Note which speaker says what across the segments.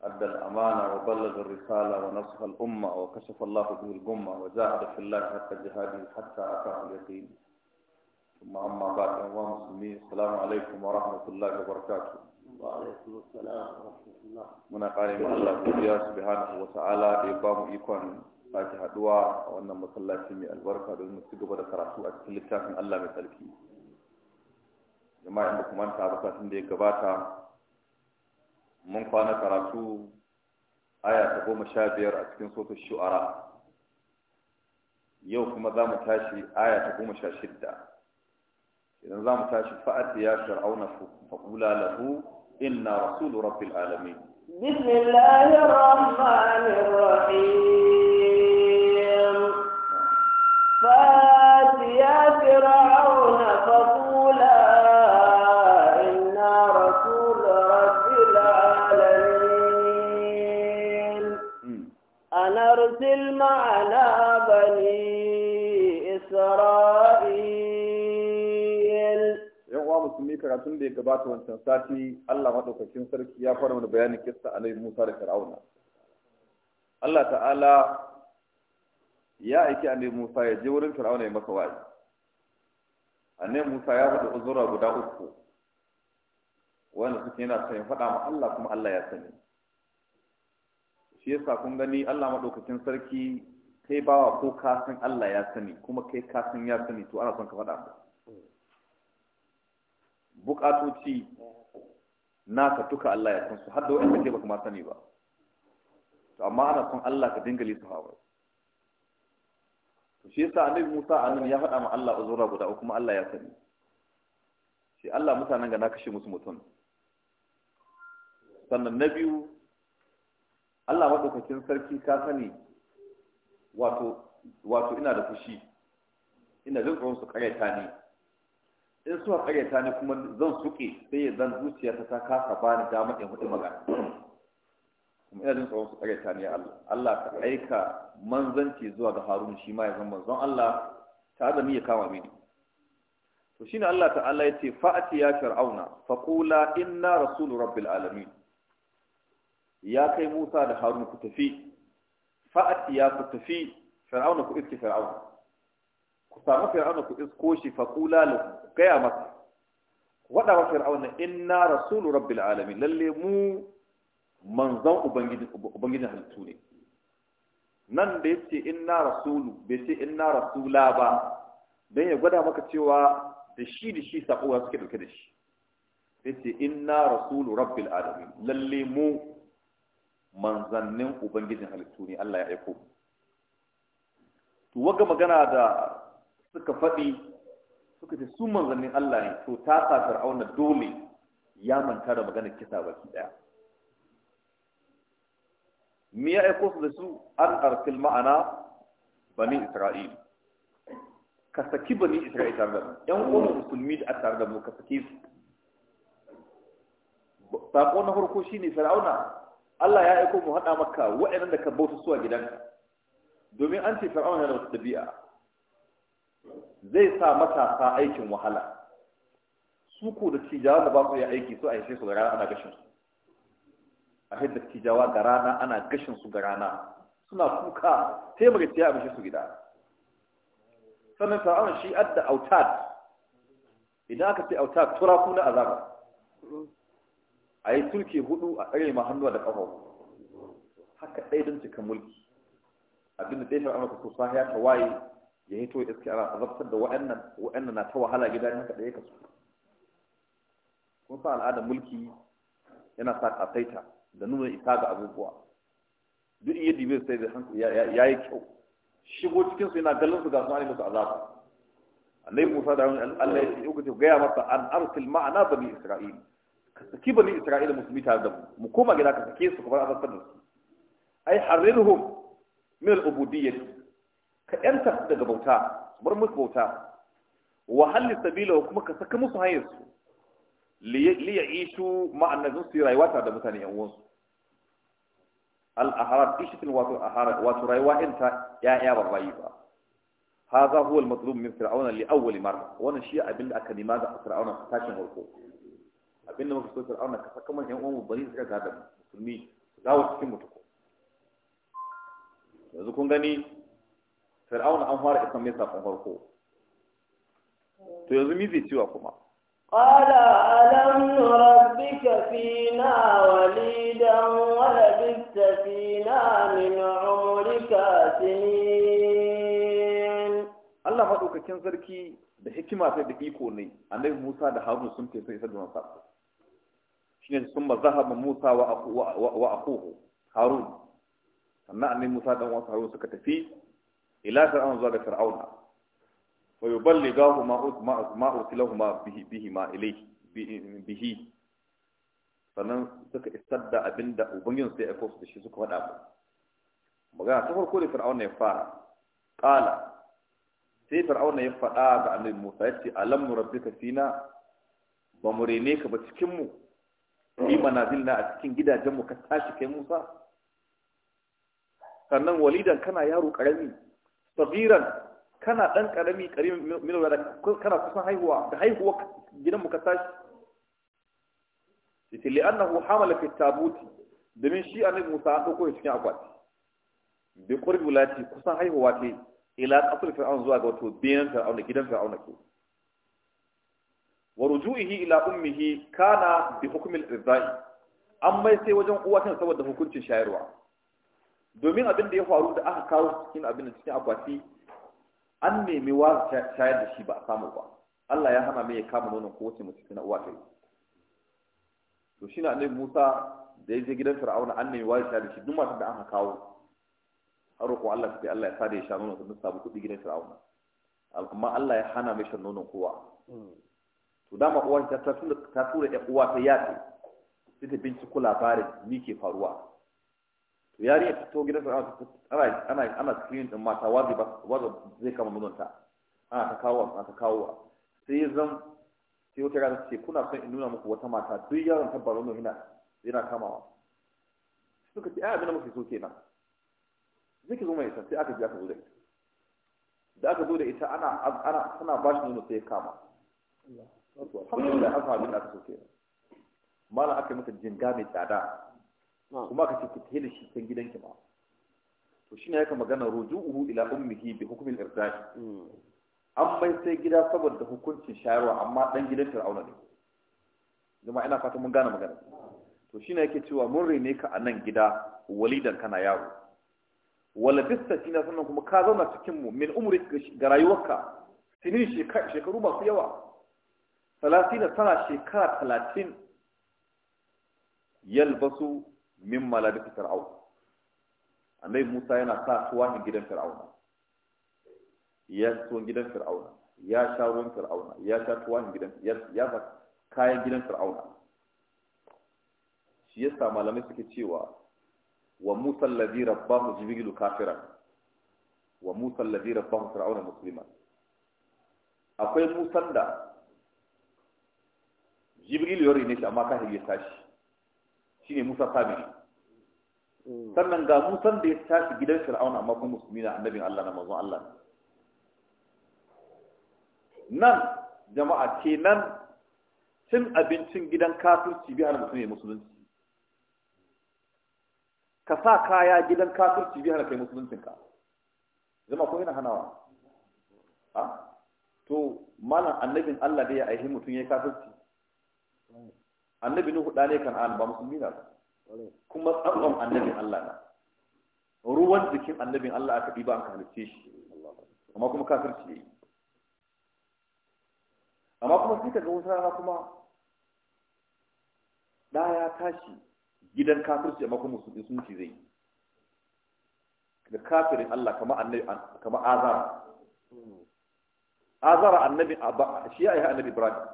Speaker 1: أدى الأمانة wa الرسالة ونصح الأمة وكشف الله به الغمة وجاهد في الله حق جهاده حتى أتاه اليقين ثم أما بعد أيها المسلمين السلام عليكم ورحمة الله وبركاته
Speaker 2: muna ƙarin Allah godiya subhanahu wa ta'ala da ya
Speaker 1: bamu ikon sake haduwa a wannan masallaci mai albarka da mu ci gaba da karatu a cikin littafin Allah mai tsarki jama'a inda kuma ta baka tun da ya gabata mun kwana karatu aya ta goma sha biyar a cikin sotar shu'ara yau kuma za mu tashi aya ta goma sha shidda idan za mu tashi fa'ati ya fir'auna faƙula lahu inna rasulu rabbil alamin
Speaker 2: بسم الله الرحمن الرحيم فات يا فرعون فقل
Speaker 1: karatun da ya gabata wancan sati Allah maɗaukakin sarki ya fara mana bayanin a alai Musa da Fir'auna. Allah ta'ala ya aiki a annabi Musa ya je wurin Fir'auna ya masa wa'azi. Annabi Musa ya faɗi uzura guda uku wanda suke yana son ya faɗa ma Allah kuma Allah ya sani. Shi yasa kun gani Allah maɗaukakin sarki kai bawa ko ka san Allah ya sani kuma kai ka san ya sani to ana son ka faɗa masa. bukatoci naka duka Allah ya san su har da wa'anda ke baka ma sani ba to amma ana son Allah ka dinga lisa hawa to shi yasa annabi Musa annabi ya faɗa ma Allah uzura guda kuma Allah ya sani shi Allah mutanen ga na kashe musu mutum sannan na biyu Allah maɗaukakin sarki ka sani wato ina da fushi ina jin tsoron su ta ni in suka ta ni kuma zan suke sai ya zan zuciya ta kasa ba ni damar in hudu magana kuma ina jin tsoron su karyata ni ne Allah Allah ka aika manzanci zuwa ga Harun shi ma ya zama Zan Allah ta azami ya kama mini to shine Allah ta'ala yace fa'ati ya fir'auna faqula inna rasulu rabbil alamin ya kai Musa da Harun ku tafi fa'ati ya ku tafi fir'auna ku iske fir'auna ku samu fir'auna ku isko shi fa qula lahu gaya masa wada wa fir'auna inna rasul rabbil alamin lalle mu manzon ubangiji ubangiji halittu ne nan da yace inna rasulu bai ce inna rasula ba dan ya gwada maka cewa da shi da shi sako suke dauke da shi ce inna rasulu rabbil alamin lalle mu manzannin ubangijin halittu ne Allah ya aiko to waga magana da suka faɗi suka ce su manzannin Allah ne to ta sa fir'auna dole ya manta da maganar kisa baki daya me ya aiko da su an arsil ma'ana bani isra'il ka saki bani isra'il tare da mu yan uwan musulmi da tare da mu ka saki su sako na farko shine fir'auna Allah ya aiko mu hada maka wa'annan da ka bauta su a gidanka domin an ce fir'auna yana da tabi'a zai sa matasa aikin wahala su ko da tijawa da ba su yi aiki su a yi su ga rana ana gashin su a hidda tijawa ga rana ana gashin su ga rana suna kuka taimaka ta yi su gida sannan sa'awun shi adda autad idan aka ce autad turaku na azaba a yi turke hudu a tsare ma hannuwa da ƙafa haka ɗaya don cika mulki abinda ɗaya shawar amurka ko sahiya ta waye ya hito ya iske ana azabtar da wa'annan wa'annan na ta wahala gida ne haka ɗaya kasu kun sa al'adar mulki yana sa kasaita da nuna isa ga abubuwa duk iya dibe sai da hankali ya yi kyau shigo cikin su yana gallon su ga su musu azaba annabi Musa da Allah ya ce ku ce gaya masa an arsil ma'ana bani Isra'il ka saki bani Isra'il musulmi tare da mu mu koma gida ka sake su ka bar azabtar da su ai harrirhum min al-ubudiyyah ka yanta daga bauta bar musu bauta wa halli sabila kuma ka saka musu hanyar su li ya'ishu ma annabin su rayuwa ta da mutane yan uwansu al aharat ishatin wato aharat wato rayuwa in ta ya ya barbayi ba hadha huwa al matlub min fir'auna li awwal marra wannan shi abin da aka nima da fir'auna tashin harko abin da muka so fir'auna ka saka mun yan uwan mu bari su ga da musulmi dawo cikin mutuko yanzu kun gani fir'auna an fara isan mai sakon farko to yanzu mi zai cewa kuma
Speaker 2: qala alam rabbika fina walidan wa labitta fina min umrika sinin Allah madaukakin sarki
Speaker 1: da hikima sai da iko ne annabi Musa da Harun sun tafi isa da wannan shine sun ba zahaba Musa wa wa akuhu Harun sannan annabi Musa dan wasu Harun suka tafi ila fir'auna zuwa ga fir'auna fa yuballighahu ma ma ma bihi bihi ma ilayhi bihi sannan suka isar da abinda ubangin sai ya kosu da shi suka faɗa ba. magana ta farko da fir'auna ya fara qala sai fir'auna ya faɗa ga annabi Musa ya ce alam rabbika fina ba mu rene ka ba cikin mu fi manazilna a cikin gidajen mu ka tashi kai Musa sannan walidan kana yaro karami sabiran kana dan karami karimi min wala kana kusan haihuwa da haihuwa gidan mu ka tashi yace li annahu hamala fi tabuti domin shi annabi Musa an dauko cikin akwati bi qurbi lati kusan haihuwa ke? ila asr fir'aun zuwa ga wato bayan fir'aun da gidan fir'aun ke wa rujuhi ila ummihi kana bi hukmi al-irda'i amma sai wajen uwa kan saboda hukuncin shayarwa domin abin da ya faru da aka kawo cikin abin da cikin akwati an nemi wa shayar da shi ba a samu ba Allah ya hana mai ya kama nonon kowace mace na uwa ta yi to shi na annabi Musa da ya je gidan Fir'auna an nemi wa shayar da shi duk matan da aka kawo an roƙo Allah sai Allah ya sa da ya sha nonon sun samu kuɗi gidan Fir'auna amma Allah ya hana mai shan nonon kowa to dama uwa ta tura ta tura uwa ta yaƙi sai ta binciko labarin me ke faruwa yari ta to gidan sa ana ana ana screen din mata wazi ba wazi zai kama mijinta ana ta kawo ana ta kawo sai zan sai wata gata ce kuna son in nuna muku wata mata duk yaron tabbar nan yana yana kamawa suka ce ai abin da muke so kenan zai ki zo mai sai aka ji aka zo da ita da aka zo da ita ana ana tana ba shi nuna sai ya kama alhamdulillah an samu abin da aka so kenan mala aka mata jinga mai tsada kuma ka ce ki tafi da shi can gidanki ba to shine yake magana ruju'uhu ila ummihi bi hukmin irdad hmm. an bai sai gida saboda hukuncin shayarwa amma dan gidan Fir'auna ne jama'a ina fata mun gane magana to shine yake cewa mun rene ka a nan gida walidan kana yaro wala bista shine sannan kuma ka zauna cikin mu min umri ga rayuwarka sinin shekaru masu yawa talatin sana shekara talatin yalbasu min malabi fir'aun annabi Musa yana sa tuwahin gidan fir'auna ya tuwon gidan fir'auna ya sha ruwan fir'auna ya sha tuwahin gidan ya ba kayan gidan fir'auna shi yasa malamai suke cewa wa Musa alladhi rabbahu jibilu kafiran wa Musa alladhi rabbahu fir'auna musliman akwai Musan da jibril yori ne shi amma ka ya tashi ne Musa Sabiri mm. sannan ga Musan da ya tashi gidan Fir'auna amma kuma musulmi na annabin Allah na manzon Allah nan jama'a nan cin abincin gidan kafirci bihar mutum ne musulunci ka sa kaya gidan kafirci bihar kai musuluncinka zama ko yana hanawa ah? to malam annabin Allah da ya aihi mutum ya kafirci annabi nuhu ɗane an ba musulmi na ba kuma tsarron annabin Allah na ruwan jikin annabin Allah aka ba an halitta shi amma kuma kafirci ne amma kuma sai
Speaker 2: ka ga wasu rana kuma
Speaker 1: da ya tashi gidan kafirci amma kuma musulmi sun ci zai da kafirin Allah kama annabi kamar azara azara annabi shi ya yi annabi Ibrahim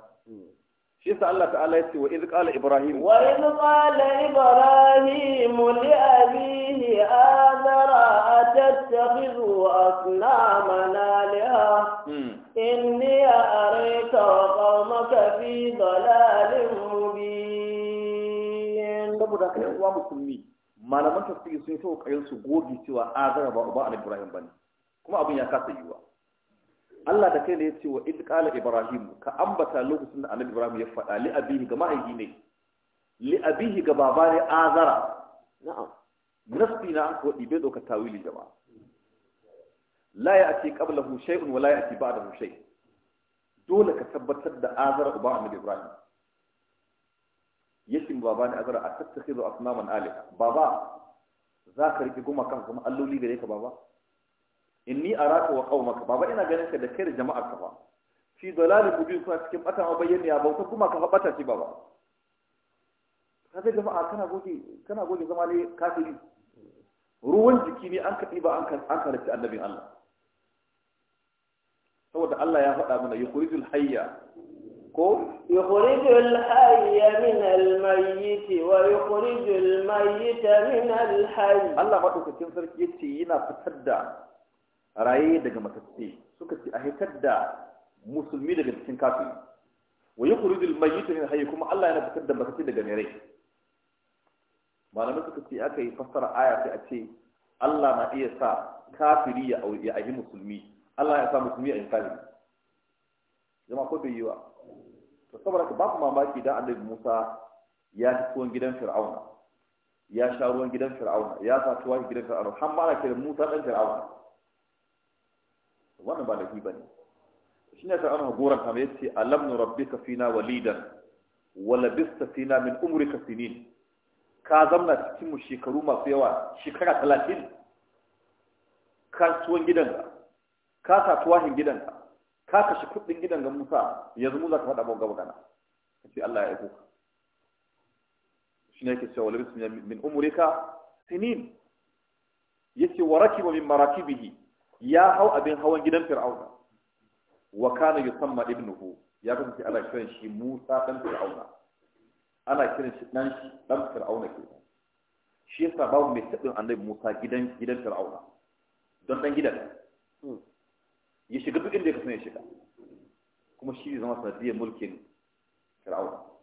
Speaker 1: shi yasa Allah ta'ala yace wa idh qala ibrahim wa idh qala ibrahim li
Speaker 2: abihi adara atattakhidhu asnaman alaha hmm. inni araita wa fi dalalin mubin
Speaker 1: saboda kai uwa musulmi malaman tafsiri sun yi ta su goge cewa azara ba uba ibrahim bane kuma abin ya kasa yiwa Allah da kai ne ya ce wa id qala ibrahim ka ambata lokacin da annabi ibrahim ya faɗa li abihi ga mahaifi ne li abihi ga baba ne azara na'am nasbi na ko dibe doka tawili jama'a la ya'ti qablahu shay'un wa la ya'ti ba'dahu shay dole ka tabbatar da azara uba annabi ibrahim yake baba ne azara a tattakhidhu asnaman alaha baba za ka rike goma kan kuma alloli gare ka baba inni araka wa qaumaka baba ina ganin ka da kai da jama'ar ka fa fi dalalin mubin kuna cikin bata ma bayyana ya bauta kuma ka bata ce baba kaga jama'a kana goge kana goge zama ne kafiri ruwan jiki ne an kaɗi ba an ka an karanta annabin Allah saboda Allah ya faɗa mana yukhrijul hayya ko
Speaker 2: yukhrijul hayya min al-mayyit wa yukhrijul mayyita min al-hayy Allah
Speaker 1: madaukakin sarki yace yana fitar da raye daga matacce suka ce a haifar da musulmi daga cikin kafiri wa yukhrijul mayyita min hayy kuma Allah yana fitar da matacce daga nere rai malamai suka ce aka yi fassara aya sai a ce Allah na iya sa kafiri ya a ya musulmi Allah ya sa musulmi a kafiri jama'a ko bai yi wa to saboda ka babu mamaki da annabi Musa ya ci tuwon gidan Fir'auna ya sha ruwan gidan Fir'auna ya sa tuwa gidan Fir'auna har ma ana kiran Musa dan Fir'auna wannan ba ba ne shi ne sa'an haguran kama ya ce alam nu rabbika fina walidan wa labista fina min ka sinin ka zamna cikin mu shekaru masu yawa shekara talatin ka tuwon gidanka ka sa tuwahin gidanka ka kashe kudin gidan ga Musa yanzu mu za ka faɗa mu ga magana ce Allah ya aiko ka ne yake cewa labis min ka sinin yace wa rakiba min marakibihi ya hau abin hawan gidan fir'auna wa kana yusamma ibnuhu ya kasance ana kiran shi Musa dan fir'auna ana kiran shi dan shi dan fir'auna ke shi yasa babu mai tabin annabi Musa gidan gidan fir'auna don dan gidan hmm. ya shiga duk inda ya kasance ya shiga kuma shi zama sanadiyar mulkin fir'auna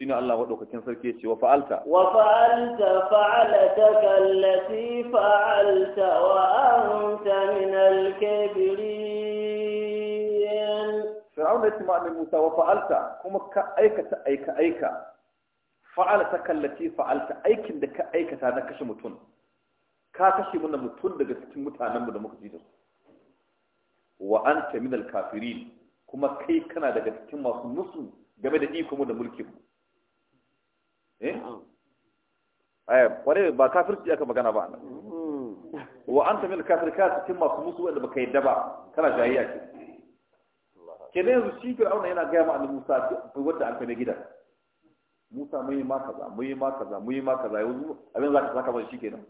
Speaker 1: shine Allah madaukakin sarki ce wa fa'alta wa
Speaker 2: fa'alta fa'alataka allati fa'alta wa anta min al-kabirin fir'auna ya ce ma Musa wa fa'alta
Speaker 1: kuma ka aikata aika aika fa'alta kallati fa'alta aikin da ka aikata na kashe mutum ka kashe mana mutum daga cikin mutanenmu da muka ji da su wa anta min al-kafirin kuma kai kana daga cikin masu musu game da iko mu da mulkin eh aya eh, kware ba kafirci aka magana ba
Speaker 2: hmm.
Speaker 1: wa anta min kafir ka cikin masu musu wanda baka yadda ba kana jahiliya ce ke ne yanzu shi fir'auna yana gaya ma annabi Musa bai wanda an kai gidan Musa mun yi ma kaza mun yi ma kaza mun yi ma kaza yanzu abin zaka saka mana shikenan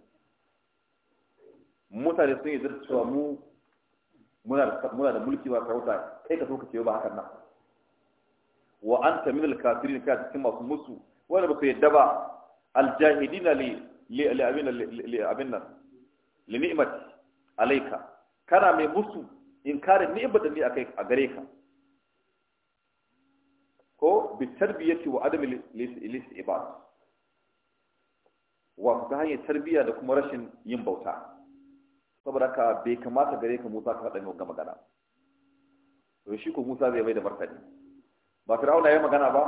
Speaker 1: mutane sun yi zarta mu muna da mulki ba sarauta kai ka so ka ce ba hakan nan wa anta min al-kafirin ka cikin masu musu wanda ba ku yadda ba aljahidina li li abin li nan kana mai musu inkarin ni'mat da ni a gare ka ko bi tarbiyati wa adam lis ibad wa ta hanyar tarbiya da kuma rashin yin bauta saboda ka bai kamata gare ka Musa ka haɗa mai ga magana to shi ko Musa zai mai da martani ba Fir'auna ya magana ba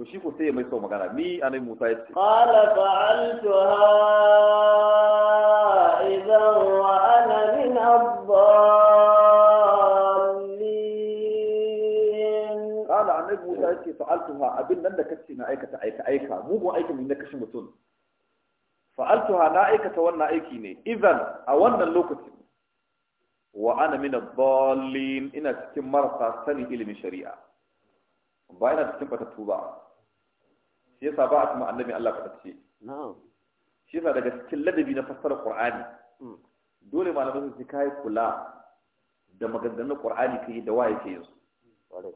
Speaker 1: وشيفو سيئ يسوى مقالا مي أنا موسى
Speaker 2: قال فعلتها إذا وأنا من الضالين قال عن أبي
Speaker 1: موسى فعلتها أبن لن نكسي نعيكة عيكة عيكة مو مو عيكة من نكش متون فعلتها نعيكة وانا عيكيني إذا أولنا اللوكتي وأنا من الضالين إن تتم مرقى إلي من شريعة باينا تتم بتتوبة shi yasa ba a kuma annabi Allah ka tace shi yasa daga cikin ladabi na fassarar Qur'ani mm. dole malamai su kai kula da maganganun Qur'ani kai da waye ke yin
Speaker 2: su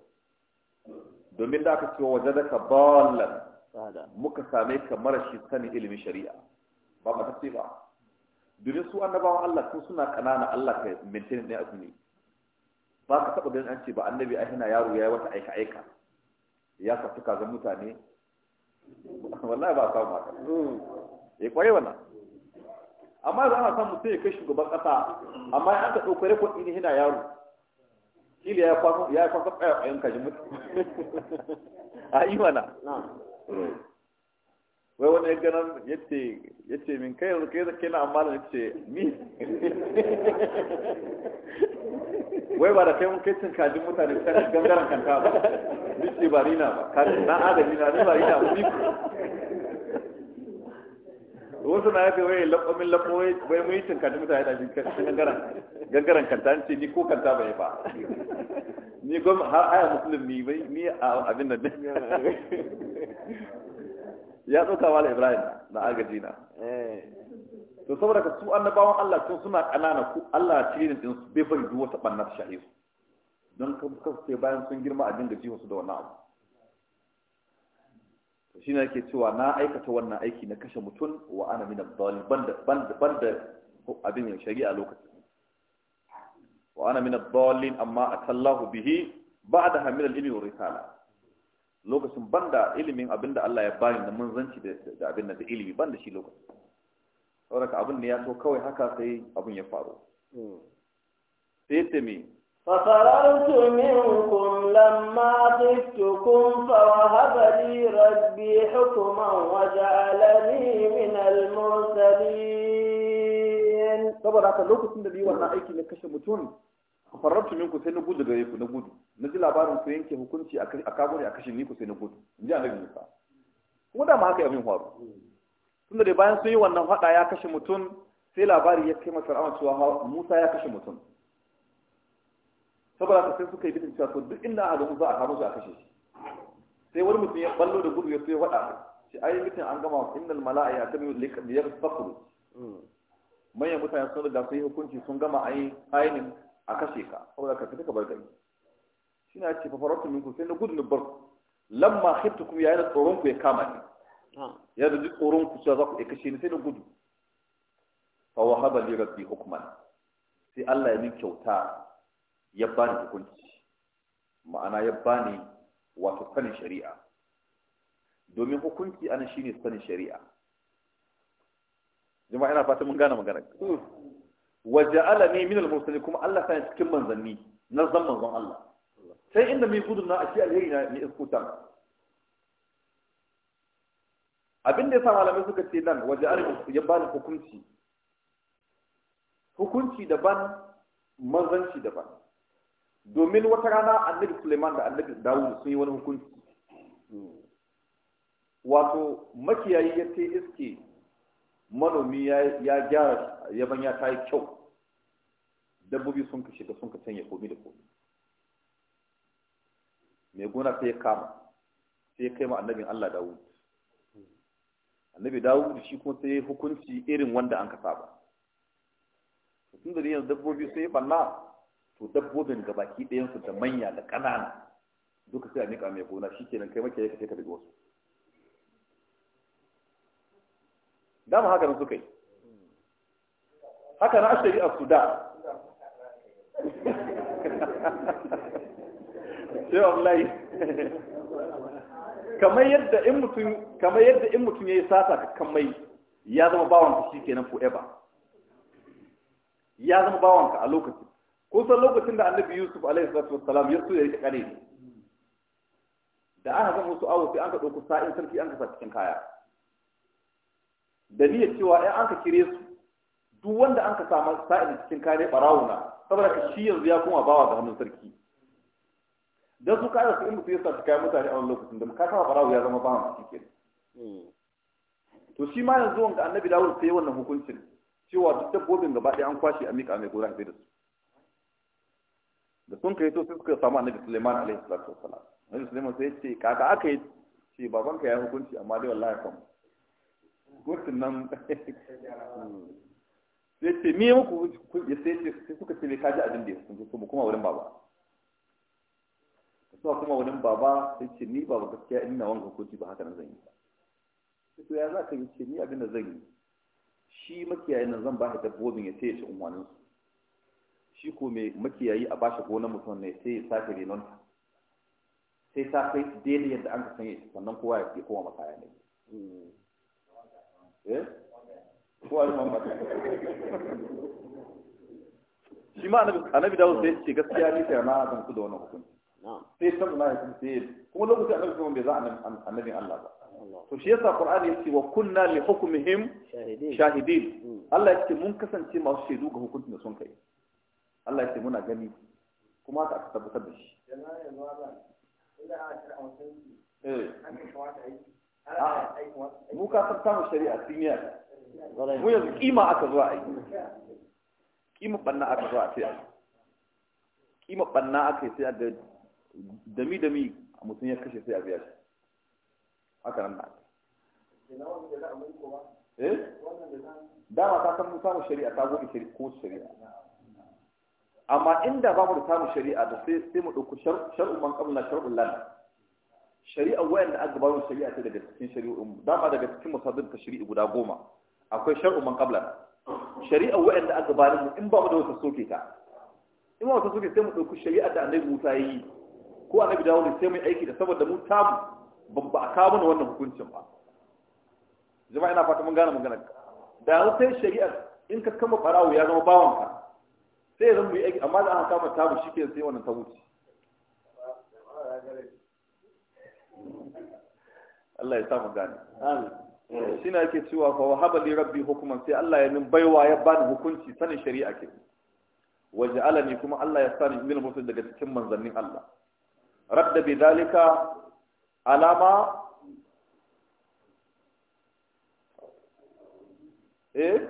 Speaker 1: domin da aka cewa wajadaka ballan muka same ka marashi sani ilimin shari'a ba ba tace ba domin su annabawan Allah sun suna kanana Allah ka maintain ne a duniya ba ka taɓa ganin an ce ba annabi a hina yaro ya yi wata aika-aika ya kafi kazan mutane Wannan ba samu haka hmm. ya kwaye wannan amma za a samu sai ya kai shugaban kasa amma ya an ɗauka rekod ɗin hina yaro Kili ya kwaso ya kwaso a yanka mutu a yi mana wai wani ya ganan ya ce min kai yanzu kai zake na amma da ya ce ni
Speaker 2: wai ba da kai mun
Speaker 1: kai cin kajin mutane kan gangaren kanta ba
Speaker 2: ni ce ba rina ba kajin na adami na ni ba rina ba ni
Speaker 1: wasu na yaka wai min lakwai wai mun yi cin kajin mutane da kan gangaren gangaren kanta ni ce ni ko kanta bai ba ni gom har aya musulmi bai ni a abin da ya tsoka wala ibrahim na agaji na eh. to saboda ka su annabawan Allah sun suna kanana ku Allah cire din su bai bari wata banna ta Don su don ka sai bayan sun girma a dinga jiwa su da wannan abu to shine yake cewa na aikata wannan aiki na kashe mutum wa ana min ad-dhalin banda banda banda abin shari'a lokacin wa ana min ad-dhalin amma atallahu bihi ba'da hamil al-ilmi wa risala lokacin banda ilimin abinda Allah ya bani da munzanci da abin da ilimi banda shi lokacin saboda abin da ya so kawai haka sai abin ya faru hmm. sai ta me
Speaker 2: ففررت منكم لما خفتكم فوهب لي ربي حكما وجعلني min المرسلين saboda haka lokacin da biyu wannan aiki na kashe mutum
Speaker 1: farrabtu minku sai na gudu gare ku na gudu na ji labarin ku yanke hukunci a kago ne a kashe ni ku sai na gudu in ji annabi Musa kuma da ma haka abin faru hmm. tun da bayan sun yi wannan faɗa ya kashe mutum sai labari ya kai masar ra'awan cewa Musa ya kashe mutum saboda ka sai suka yi bitin cewa duk inda a ga musa a kama shi a kashe shi sai wani mutum ya ballo da gudu ya so ya faɗa shi yi mutum an gama innal mala'a ya tabi li yaqfaqu mm. manyan mutane sun riga sun yi hukunci sun gama a yi ainihin a kashe ka saboda ka fita ka bar gari shi ya ce fafarar faratu minkum sai na gudu na bar lamma kuma ya da tsoron ku ya kama ni ya da duk tsoron ku cewa za ku shi ni sai na gudu fa wahaba li rabbi hukman sai Allah ya min kyauta ya bani hukunci ma'ana ya bani wato sanin shari'a domin hukunci ana shine sanin shari'a jama'a ina fata mun gane magana hmm. waja'alani min al-mursalin kuma Allah ta cikin manzanni na zan manzon Allah sai inda mai gudun na ashe alheri na ni iskuta abin da ya sa malamai suka ce nan waje ya ba hukunci hukunci daban mazanci daban domin wata rana annabi suleiman da annabi dawud sun yi wani hukunci wato makiyayi ya ce iske manomi ya gyara yaban ya ta yi kyau dabbobi sun ka shiga sun ka sanya komi da komi mai gona sai ya kama sai ya kai ma annabin allah dawud annabi dawo shi kuma sai hukunci irin wanda an ka ba tun da yanzu dabbobi sai banna to dabbobin gabaki ɗayan su da manya da ƙanana duka sai a miƙa mai gona kenan kai maka ka sai ka daga wasu dama haka nan suka yi haka na ashari a suda sai wallahi
Speaker 2: kamar yadda
Speaker 1: in mutum kamar yadda in mutum yayi sata ka kan mai ya zama bawon ka shikenan forever ya zama bawon ka a lokacin san lokacin da annabi yusuf alaihi salatu wassalam ya so ya rike kare da aka zama wasu awo sai an ka ɗauko sa'in sarki an ka sa cikin kaya da niyyar cewa ai an ka kire su duk wanda an ka sa sa'in cikin kaya ne ɓarawo saboda ka shi yanzu ya koma bawa ga hannun sarki dan su kada su in su ya sa kayan mutane a wani lokacin da ka kawo barawo ya zama ba mu cikin hmm. to shi ma yanzu wanda annabi dawud sai wannan hukuncin cewa duk dabbobin gaba ɗaya an kwashe a miƙa mai gora da su da sun kai to sai suka samu annabi suleiman alaihi salatu wassalam annabi suleiman sai ce kaka aka yi ce babanka ya hukunci amma dai wallahi kam gurkin nan hmm. sai ce me muku sai ce sai suka ce me kaji abin da ya hukunci kuma wurin baba suka kuma wani baba sai ce ni baba gaskiya na wanga hukunci ba haka nan zan yi ba to ya za ka yi ce ni abin da zan yi shi makiyayin nan zan ba shi dabbobin ya sai ya ci umarnin su shi ko mai makiyayi a bashi gonar mutum ne sai ya sake renon ta sai ta kai daidai yadda an ka sanya sannan kowa ya kowa makaya ne eh kowa ya koma makaya shi ma annabi dawo sai ce gaskiya ne sai na zan ku da wannan hukunci sai sallallahu alaihi wasallam sai kuma lokacin annabi kuma bai za annabin Allah ba to shi yasa qur'ani yace wa kunna li hukmihim shahidin hmm. Allah yace mun kasance masu shaidu ga hukuncin da sun kai Allah yace muna gani kuma haka aka tabbatar da shi
Speaker 2: eh. mu ka san samun
Speaker 1: shari'a senior
Speaker 2: mu yanzu kima aka zuwa aiki
Speaker 1: kima banna aka zuwa a ce kima banna aka yi sai a ga dami dami mutum ya kashe sai a biya shi haka nan ba eh dama ta san samun shari'a ta gobe shari'a ko shari'a amma inda ba mu da samun shari'a da sai sai mu dauki shar'u man qabla shar'u lana shari'a wayanda aka gabatar shari'a ta daga cikin shari'o'in mu dama daga cikin ta tashri'i guda goma akwai shar'u man qabla shari'a wayanda aka gabatar mu in ba mu da wata soke ta in ba wata soke sai mu dauki shari'a da annabi Musa yi ko annabi dawo da sai mai aiki da saboda mu tamu babba ba a kawo mana wannan hukuncin ba jama'a ina fata mun gane magana da sai shari'ar in ka kama farawo ya zama bawanka sai ya zama mu yi aiki amma da an kama tamu shi ke sai wannan ta wuce Allah ya samu gane shi na yake cewa fa wahaba li rabbi hukuman sai Allah ya min baiwa ya bani hukunci sanin shari'a ke waja'alani kuma Allah ya sani min mutum daga cikin manzannin Allah radda bi zalika alama eh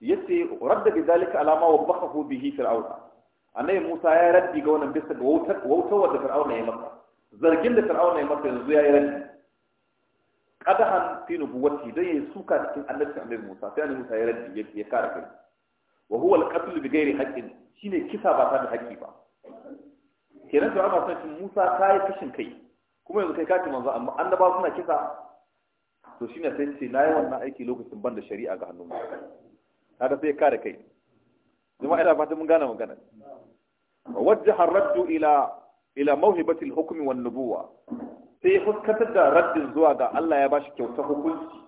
Speaker 1: yace radda bi zalika alama wa bakhahu Musa ya raddi ga wannan bisa ga wautar wautar da fir'auna ya masa zargin da fir'auna ya masa yanzu ya yi raddi qadahan fi nubuwati dai ya suka cikin annabi annabi Musa sai annabi Musa ya raddi ya kare kai wa huwa al-qatl bi ghairi haqqin shine kisa ba ta da haƙƙi ba kenan to ana sanin Musa ta yi kashin kai kuma yanzu kai ka ci manzo amma annaba suna kisa to shine sai ce nayi wannan aiki lokacin ban da shari'a ga hannun kaga sai ka da kai kuma ina fata mun gane magana wajjaha raddu ila ila mawhibati al-hukmi wan nubuwa sai ya fuskantar da raddin zuwa ga Allah ya bashi kyauta hukunci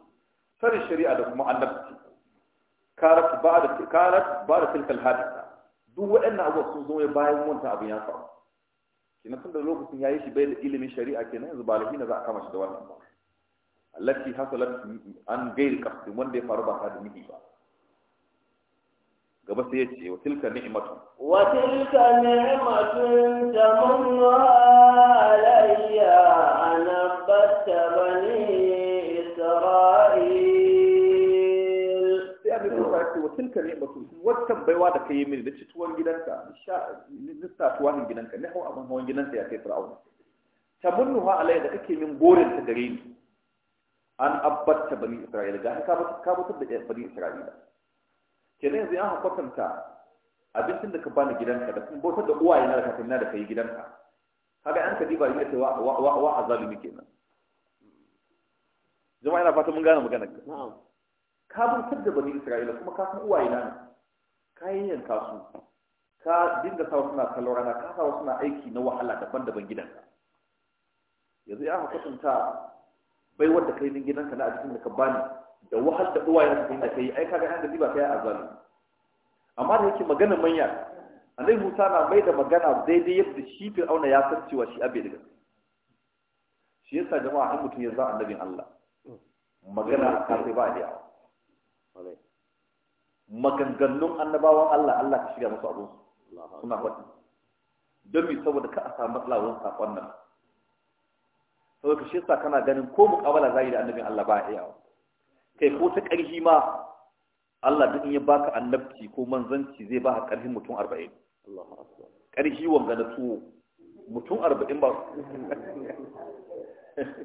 Speaker 1: sani shari'a da kuma annabci karat ba da karat ba da tilkal hadisa duk waɗannan abubuwa sun zo bayan wanta abin ya faru kina tun da lokacin yayi shi bai da ilimin shari'a kenan yanzu ba lafi na za a kama shi da wannan ba allati hasalat an gairi qasdin wanda ya faru ba ta da nihi ba gaba sai ya ce wa tilka ni'matu
Speaker 2: wa tilka ni'matun tamanna alayya an abatta bani
Speaker 1: tilka ne batu wata baiwa da kai mini da cituwan gidanka sha nista tuwahin gidanka ne hau abin hawan gidanka ya kai fir'auna tamunnuha alayya da kake min gorin ta gare ni an abbatta bani isra'ila ga ka ka batar da bani isra'ila kenan yanzu an kwatanta abincin da ka bani gidanka da kuma bautar da uwaye na da kakanna da kai gidanka kaga an ka diba ne ta wa'azalimi wa kenan jama'a ina fata mun gane magana na'am ka bautar da bani isra'ila kuma ka san uwaye na ka yanka su ka dinga sa suna kallon rana ka sa suna aiki na wahala daban-daban gidanka yanzu ya kwatanta bai wanda kai din gidanka na a da ka bani da wahal da uwaye na cikin da kai ai ga an gaji ba kai azali amma da yake magana manya annabi Musa na mai da magana daidai yadda shi auna ya san cewa shi abe daga shi yasa jama'a an mutum ya za annabin Allah magana ta sai ba da yawa alai maganganun annabawan Allah Allah ka shiga musu abun suna faɗi don mi saboda ka a samu matsala wurin saƙon nan saboda shi yasa kana ganin ko muƙabala zai da annabin Allah ba iya kai ko ta ƙarfi ma Allah duk in ya baka annabci ko manzanci zai baka ƙarfin mutum 40
Speaker 2: Allahu akbar
Speaker 1: ƙarfi wanga na tuwo mutum 40 ba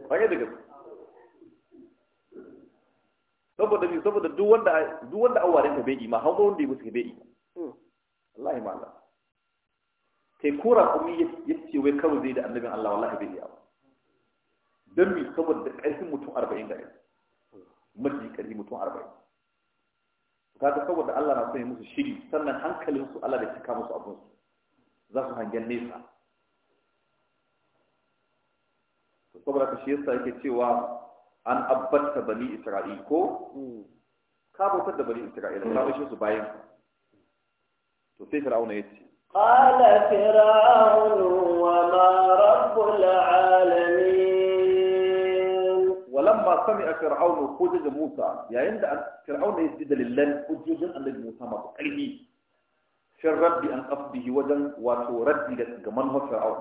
Speaker 1: kwaye da gaske saboda bi saboda duk wanda duk wanda an ware ka bai ma hawo wanda ya musu ka bai hmm. wallahi ma Allah kai kora kuma yace wai kawai zai da annabin Allah wallahi bai iya dan mi saboda karfin mutum 40 gare mutum kari mutum 40 kaga saboda Allah na so ya musu shiri sannan hankalin su Allah da cika musu abun su za su hangen nesa saboda ka shi yasa yake cewa an abbanta bani isra'il ko hmm. ka bautar da bani isra'il ka hmm. bashe su bayan to sai fir'auna ya ce
Speaker 2: قال فرعون وما رب
Speaker 1: العالمين ولما سمع فرعون حجج موسى يا عند فرعون يسجد لله حجج النبي موسى ما تقلني في الرب ان قصده وجن وتردد كمن هو فرعون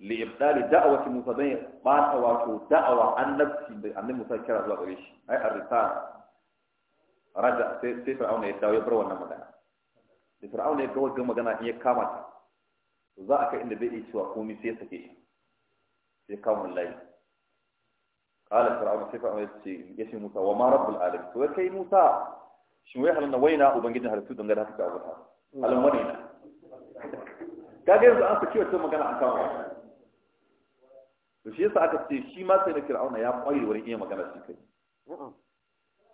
Speaker 1: لإبطال دعوة موسى بين بات واتو دعوة عن نفسي عن موسى كرا الله قريش أي الرسالة رجع سفر أونا يدعو يبرو برو النمدان سفر أونا نيتاوي قم جنا هي كامتا ذاك إن بيئي سوى قومي سيسكي في قوم الليل قال سفر أونا سفر أونا يسي موسى وما رب العالمين سوى كي موسى شنو يحلنا وينا وبنجدنا السود ونجدها هكذا أولها هل وينا كاجز أنت كيف تسمى كان عن كامل to shi yasa aka ce shi ma sai na fir'auna ya kware wurin iya magana shi kai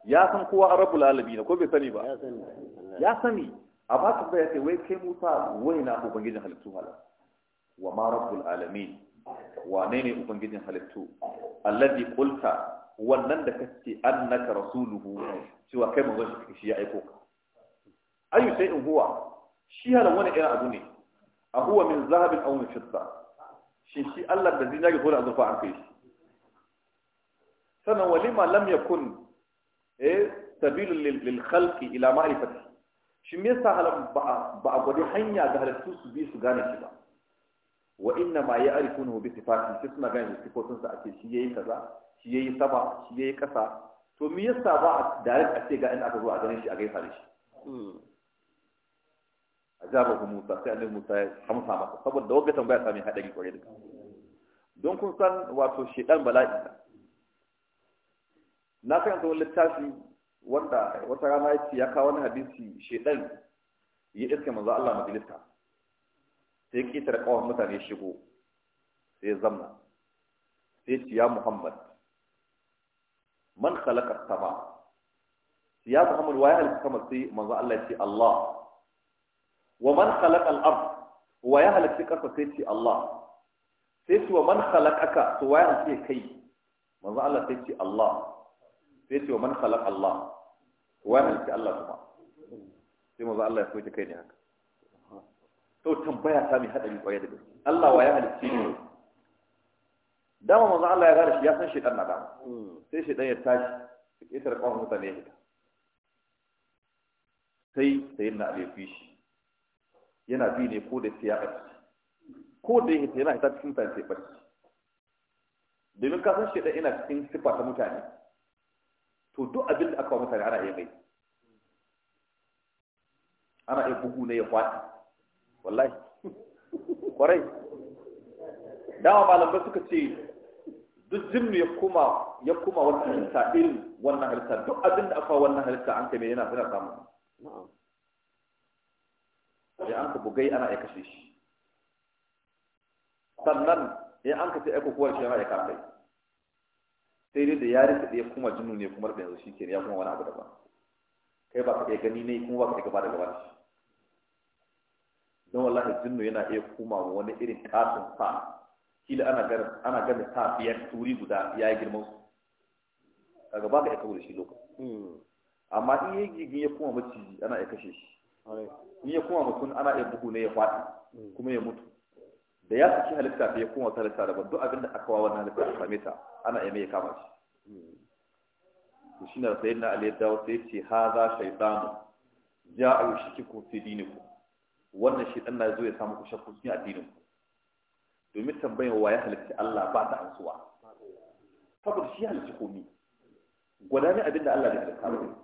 Speaker 1: ya san kowa arabul alamin ko bai sani ba ya sani a ba ta ya ce wai kai musa wai na ubangijin halittu hala wa ma rabbul alamin wane ne ubangijin halittu alladhi qulta wannan da kace annaka rasuluhu cewa kai manzon shi shi ya aiko ka ayu sai in huwa shi halan wani irin abu ne Ahuwa huwa min zahabin aw min fitta shi shi Allah da zina ga da zufa an kai shi sannan walima lam yakun eh sabilu lil khalqi ila ma'rifati shi me yasa halam ba a gwada hanya ga halittu su bi su gane shi ba wa inna ma ya'rifunahu bi sifatihi sai suna gane sun sa ake shi yayi kaza shi yayi sama shi yayi kasa to me yasa ba a direct a ce ga in aka zo a ganin shi a gaisa da shi hmm. ajabahu Musa sai annabi Musa ya amsa masa saboda wagga tambaya ta mai hadari kwarai da don kun san wato shedan bala'i na san kan wani littafi wanda wata rana ya ya kawo wani hadisi shedan ya iska manzo Allah majalisa sai kitar kawai mutane shigo sai zamna sai ce ya Muhammad man khalaqa sama ya Muhammad waye halitta sama sai manzo Allah ya ce Allah wa man khalaqa al-ard wa ya halitta ƙasa sai ce Allah sai ce wa man khalaqaka to wa ya halitta kai manzo Allah sai ce Allah sai ce wa man khalaqa Allah wa ya halitta Allah kuma sai manzo Allah ya soke kai ne haka to tambaya ta mai hadari kwaye da gaske Allah wa ya halitta ni dama manzo Allah ya gane shi ya san shi dan na dama sai shi ya tashi ya ƙetare kwan mutane ya hita sai sayin na alifi shi yana bi ne ko da ya ɓace ko da yake yana hita cikin mutane sai ɓace domin ka san shaidan ina cikin siffa ta mutane to duk abin da aka wa mutane ana iya mai ana iya bugu ne ya faɗi wallahi kwarai dama malamai suka ce duk jinnu ya kuma ya kuma wata halitta irin wannan halitta duk abin da aka wannan halitta an kai yana suna samu da an ka bugai ana ya kashe shi sannan ya an ka ce aiko kowar shi yana ya kafai sai dai da ya da ya kuma jinnu ne kuma da yanzu shi ke ya kuma wani abu daban kai ba ka kai gani ne kuma ba ka kai gaba da gaba shi don wallahi jinnu yana iya kuma wani irin kafin sa kila ana gane ana sa biyar turi guda ya yi girman su kaga ba ka kai kawo da shi lokaci hmm. amma in ya gigi ya kuma maciji ana ya kashe shi Ni ya kuma mutum ana iya bugu ne ya faɗi mm. kuma ya mutu da ya saki halitta bai kuma wata halitta daban duk abinda aka wa wannan halitta a same ta ana iya mai kama shi to mm. shine sai na Ali dawo sai ce ha haza shaytanu ja'a yushiku fi ku. wannan shaytan na zo ya samu ku shakku cikin addinin ku domin tambayar wa ya halitta Allah ba ta ansuwa saboda shi halitta komi gwada ne abinda Allah ya halitta mm.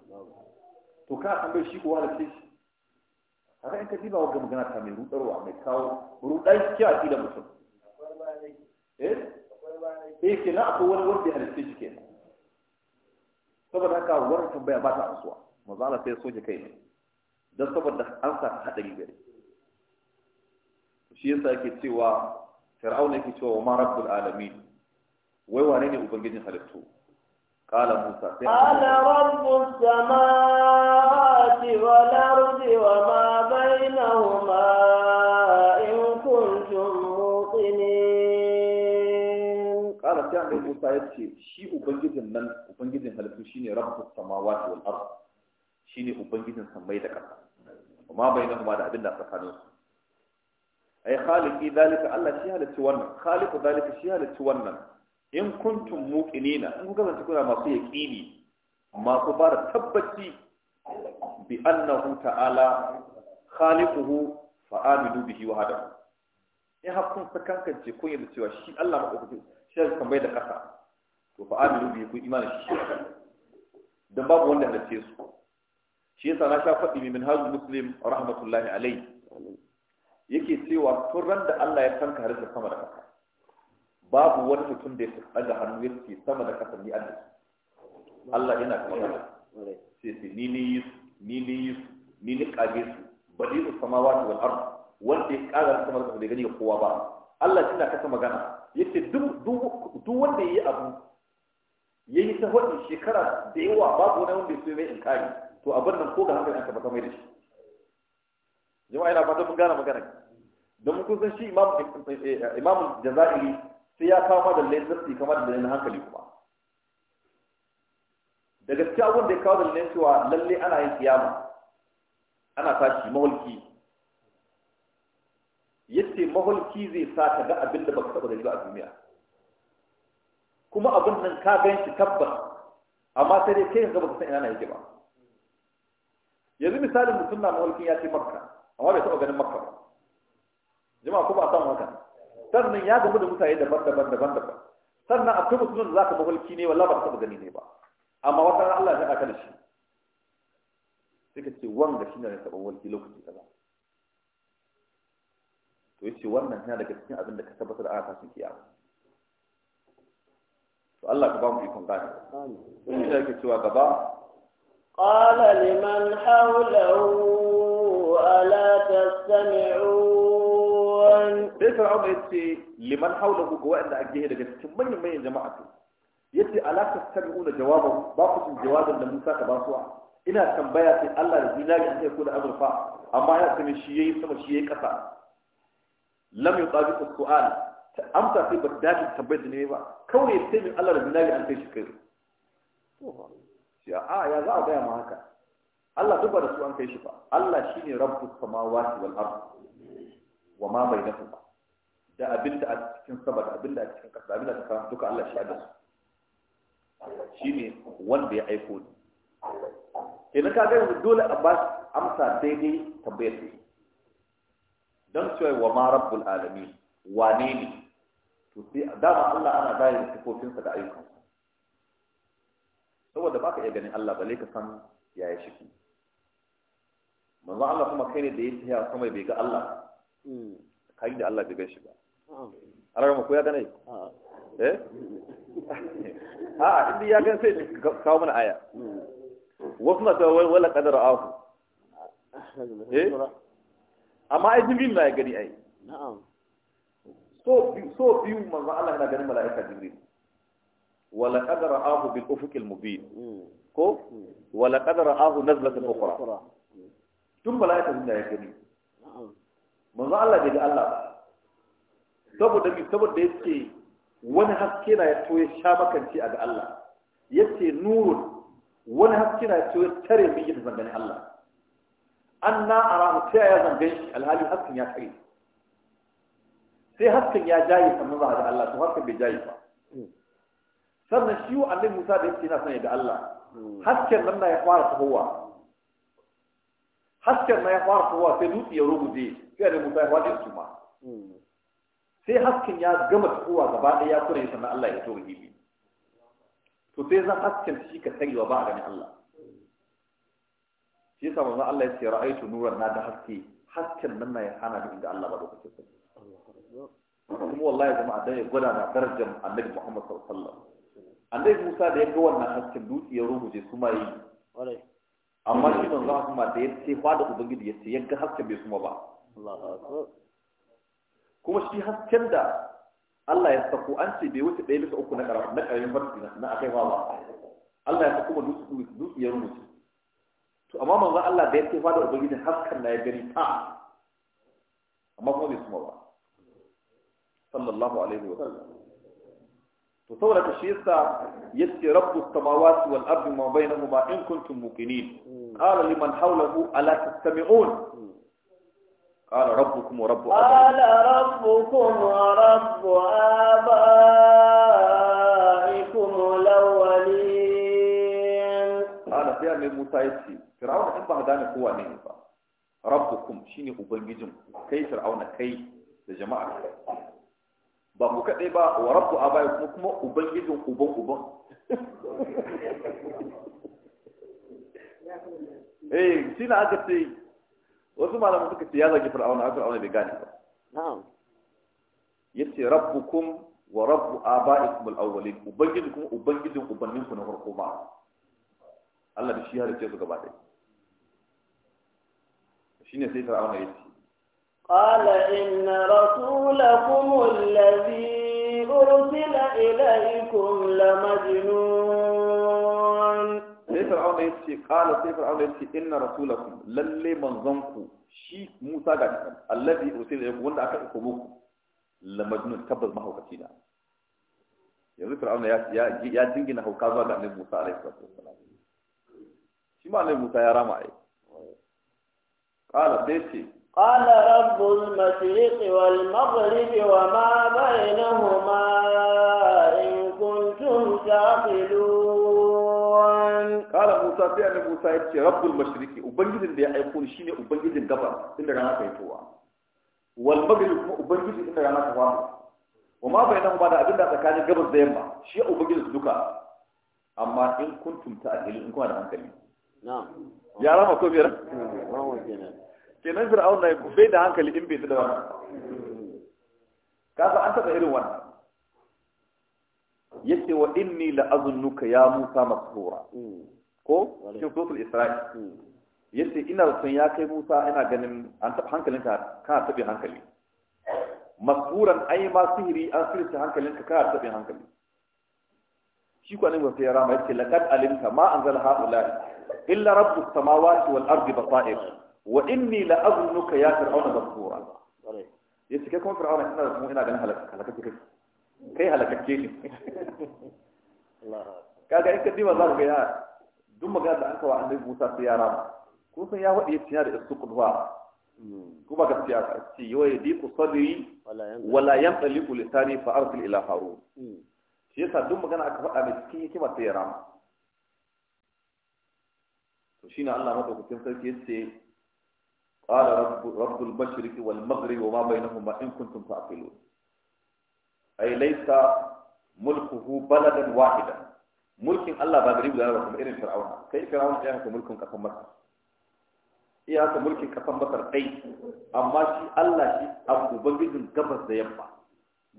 Speaker 1: to ka tambayi shi ko halitta shi haka in ka diba wa magana ta mai rudarwa mai kawo rudar kya ki da mutum
Speaker 2: eh, eh ke na akwai wani wanda halitta
Speaker 1: shi kenan saboda haka wannan tambaya ba ta amsuwa manzo Allah sai soke kai ne don saboda an sa ta hadari gare shi yasa yake cewa fir'auna yake cewa ma rabbul alamin wai wane ne ubangijin halittu قال موسى قال
Speaker 2: رب السماوات والأرض وما
Speaker 1: Musa ya ce shi ubangijin nan ubangijin halittu shine rabbus da wal ard shine ubangijin samai da ƙasa amma bainahuma da abin da tsakanin su ai khaliqi zalika Allah shi halitta wannan khaliqu zalika shi halitta wannan in kuntum muqinina in kuka zance kuna masu yaqini masu ba da tabbaci bi annahu ta'ala khaliquhu fa aminu bihi wa hadahu in har kun sakankance kun yarda cewa shi Allah ma maɗaukaki sai su tambayi da kasa to fa aminu bi kun imani shi dan babu wanda halarce su shi yasa na sha faɗi min minhajul muslim rahmatullahi alayhi yake cewa tun da Allah ya sanka harshen sama da kasa babu wani mutum da ya daga hannu ya ce sama da kasa ni Allah Allah yana kama da sai sai ni ne yi ni ni yi ni ni kage su bari su samawati wal ard wanda ya kaga sama da kasa bai gani kowa ba Allah yana kasa magana yace duk wanda ya yi abu ya yi ta hudin shekara da yawa babu wani wanda su mai inkari to abin nan ko ga hankali an tabbata mai da shi jama'a yana fatan mun gane magana don kun san shi imamu eh, jazairi sai ya kama da lezzarci kama da lai hankali kuma da cikin abin da ya kawo da lai cewa lalle ana yin kiyama ana tashi mawalki yace mahulki zai sa ka ga abin da baka taba ba a duniya kuma abin nan ka gan shi tabbas amma sai dai kai yanzu baka san ina na yake ba yanzu misalin mutum na mahulkin ya ce makka amma bai taba ganin makka ba jama'a kuma a san haka sannan ya gamu da mutane daban-daban daban-daban sannan akwai mutumin da za ka mahulki ne wallahi ba ka taba gani ne ba amma wata Allah ya haɗa ka da shi sai ka ce wanga shi ne ya taɓa mahulki lokaci kaza ya ce wannan tana daga cikin abin da ka tabbata da ana tashin kiyama
Speaker 2: to Allah ka ba mu ikon gani wani
Speaker 1: da ke cewa gaba
Speaker 2: qala liman hawlahu ala tastami'un
Speaker 1: sai ta rawa yace liman hawlahu ga wanda ake yi daga cikin manyan manyan jama'a to yace ala tastami'una jawaban ba ku jin jawaban da Musa ka ba su ina tambaya sai Allah da zinari an ko da azurfa amma ya tsami shi yayi sama shi yayi kasa lam yuqabiqu su'al ta amsa sai ba dace tambayar da ne ba kawai sai min Allah da binabi an kai shi kai
Speaker 2: to
Speaker 1: ya a ah, ya za a gaya ma haka Allah duk ba da su an kai shi ba Allah shine rabbus samawati wal ard wa ma bainahuma da abinda a cikin sama da abinda a cikin kasa abinda ta kawo duka Allah shi da su shine wanda ya aiko ni idan ka ga yanzu dole a ba amsa daidai tambayar da dan cewa wa ma rabbul alamin wane ne to sai ba Allah ana bayin sa da sa saboda baka iya ganin Allah balle ka san yaya shi manzo Allah kuma kai ne da yake ya kuma bai ga Allah hmm. kai da Allah bai ga shi ba Allah mu ko ya gane eh
Speaker 2: ha idan ya
Speaker 1: gan sai kawo mana aya hmm. wasu na ta wala qadara ahu eh amma ai jibril na ya gani ai na'am so biyu so biyu manzo Allah yana ganin mala'ika jibril wa laqad ra'ahu bil ufuqil mubin hmm. ko hmm. wa laqad ra'ahu nazlatan ukhra tun mala'ika din ya gani manzo Allah bai ga Allah saboda bi saboda yace wani haske na ya to ya sha makanci a ga Allah yace nurun wani haske na ya to tare mu yin zanganin Allah an na arahu ta ya zangan shi alhali hasken ya kare sai hasken ya jaye sannan za a da Allah to hasken bai jaye ba sannan shi wa annabi Musa da yake na sanya da Allah hasken nan na ya fara tahowa hasken na ya fara tahowa sai dutse ya rubuje sai annabi Musa ya fara su ma sai hasken ya gama tahowa gaba ɗaya ya kure sannan Allah ya tura gibi to sai zan hasken shi ka tarewa ba a ganin Allah shi yasa manzon Allah ya ra'aytu nuran na da haske hasken nan ne hana da inda Allah ba da kuke kuma wallahi jama'a dan ya gwada na darajar Annabi Muhammad sallallahu alaihi wasallam Annabi Musa da ya ga wannan hasken dutse ya rubuje kuma yi amma shi manzon Allah kuma da yace fa da ubangiji ya ce ya ga hasken bai suma ba kuma shi hasken da Allah ya sako an ce bai wuce ɗaya bisa uku na ƙaramin na ƙaramin barci na akai ba Allah ya sako ma dutse ya rubuce to amma manzo Allah da ya ce fada ubangijin haskan da ya gani ta amma kuma bai kuma ba sallallahu alaihi wa sallam to saboda ka shi yasa yace rabbu samawati wal ardi ma bainahuma in kuntum muqinin qala liman hawlahu ala tastami'un قال ربكم ورب آبائكم
Speaker 2: قال ربكم ورب آبائكم الأولين قال فيها
Speaker 1: من موسى يسي fir'auna in ba ka gane kowa ne ba rabbukum shine ubangijin kai fir'auna kai da jama'a ba ku kaɗai ba wa rabbu abai kuma kuma ubangijin uban uban eh shi na aka ce wasu malamai suka ce ya zagi fir'auna a fir'auna bai gane ba na'am yace rabbukum wa rabbu abaikum al-awwalin ubangijin kuma ubangijin ubanninku na farko ba Allah da shi rike su gaba ɗaya ne sai fir'auna ya ce
Speaker 2: inna rasulakum رسولكم ursila ilaykum la majnun
Speaker 1: sai fir'auna ya ce qala sai fir'auna ya ce inna rasulakum lalle ku, shi Musa ga kan allazi ursila ilaykum wanda aka aika muku la majnun tabbas mahaukaci na. yanzu fir'auna ya ya dingina hauka zuwa ga annabi Musa alaihi salatu wassalam shi ma laifin ta ya rama a yi
Speaker 2: ƙala daice ƙala rabbul mashriqi wal maghribi wa ma bainahuma in kuntum shaqilun ƙala musa sai
Speaker 1: annabi musa ya ce rabbul mashriqi ubangijin da ya aiko shi ne ubangijin gaba, inda rana ta fitowa wal maghribi kuma ubangijin inda rana ta fara wa ma bainahuma da abinda tsakanin gabas da yamma shi ubangijin duka amma in kuntum ta'dilun in kuma da hankali ya ko bai rama kenan fir'aun na bai da hankali in bai da ka kasa an taɓa irin wannan yace wa inni la azunnuka ya musa masura ko cikin suratul isra'i hmm. yace ina son ya kai musa ina ganin an taɓa ta bi taɓe hankali masuran ay ma sihiri an sirta hankalinka kana taɓe hankali shi kwanin wasu ya rama yace laqad alimta ma anzala haula'i illa rabbus samawati wal ardi basair wa inni la azunnuka ya fir'auna basura yace kai kuma fir'auna ina da kuma ina ganin halakake kai kai halakake ne kaga in ka diba za ka ga ya duk magana da an kawo annabi Musa sai ya rama kun san ya wadi ya tinya da istiqba
Speaker 2: kuma gaskiya ka ce yoye
Speaker 1: di ku sadri wala yamtali lisani fa arsil ila harun shi yasa duk magana aka faɗa mai cikin hikima sai ya rama to shine Allah madaukakin sarki yace qala rabbul mashriqi wal maghribi wa ma bainahuma in kuntum ta'qilun ay laysa mulkuhu baladan wahidan mulkin Allah ba gari guda ba kuma irin fir'auna kai fir'auna ya haka mulkin kasan masar iya haka mulkin kasan masar dai amma shi Allah shi abu bangijin gabas da yamma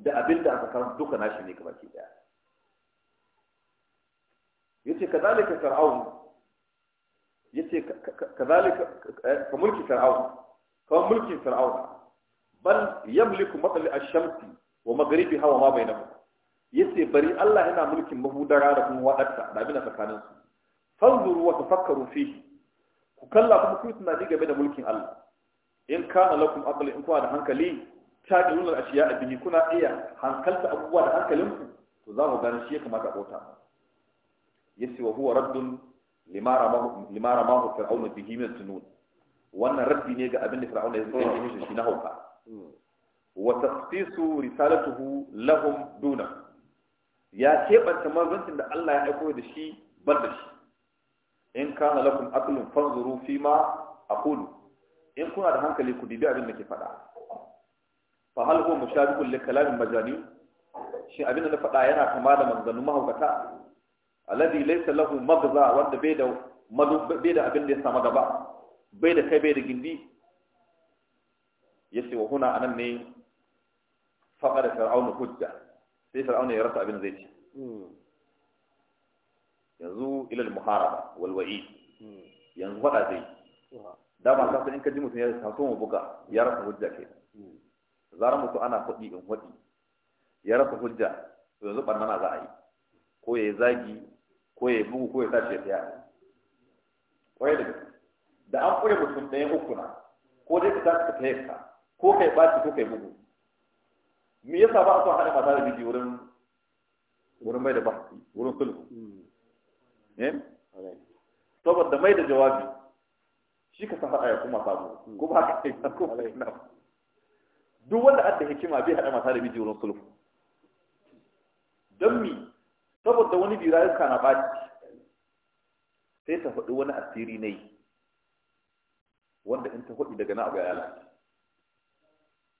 Speaker 1: da abinda aka karanta duka nashi ne gaba ki daya yace kadalika fir'auna yace kazalika eh, ka mulki fir'aun kamar mulkin fir'aun bal yamliku matsali ash-shamsi wa maghribiha hawa ma bainahuma yace bari Allah yana mulkin mahudara da kuma wadarta da abin tsakanin su fanzuru wa tafakkaru fihi ku kalla kuma ku tunani game da mulkin Allah in kana lakum aqli in kuna da hankali taqiluna al-ashiya bihi kuna iya hankalta abubuwa da hankalinku to za ku gane shi ya kamata bauta yace wa huwa raddun limara mahu fir'auna bihi min sunun wannan rabbi ne ga abin da fir'aun ya zo da shi na hauka wa tafsisu risalatuhu lahum duna ya keɓanta manzancin da Allah ya aiko da shi bar da shi in kana lakum aqlun fanzuru fi ma aqulu in kuna da hankali ku dibi abin da ke faɗa fa hal huwa mushabihun li kalamin majani shi abin da na faɗa yana kama da manzanu mahaukata alladhi laysa lahu maghza wanda bai da bai da abin da ya sama gaba bai da kai bai da gindi yace wa huna anan ne faqad fir'aunu hujja sai fir'auna ya rasa abin zai ci hmm. yanzu ila al-muharaba wal wa'id hmm. yanzu wada zai da ba ka san in ka ji mutum ya taso mu buga ya rasa hujja ke hmm. zara mutu ana kudi in kuɗi ya rasa hujja to yanzu barna na za a yi ko ya zagi ko ya bugu ko ya sace ya tsaya kwaye da da an kure mutum ɗaya uku na ko dai ka tashi ka tsaye ka ko kai ɓaci ko kai bugu me yasa ba a son haɗa mata da miji wurin wurin mai da ba wurin sulhu hmm. eh saboda mai da jawabi shi ka sa haɗa kuma samu hmm. kuma haka kai ko duk wanda adda hikima bai haɗa mata da miji wurin sulhu don mi saboda wani bira iska na ɓaci sai ta faɗi wani asiri ne wanda in ta faɗi daga na abu ya lalace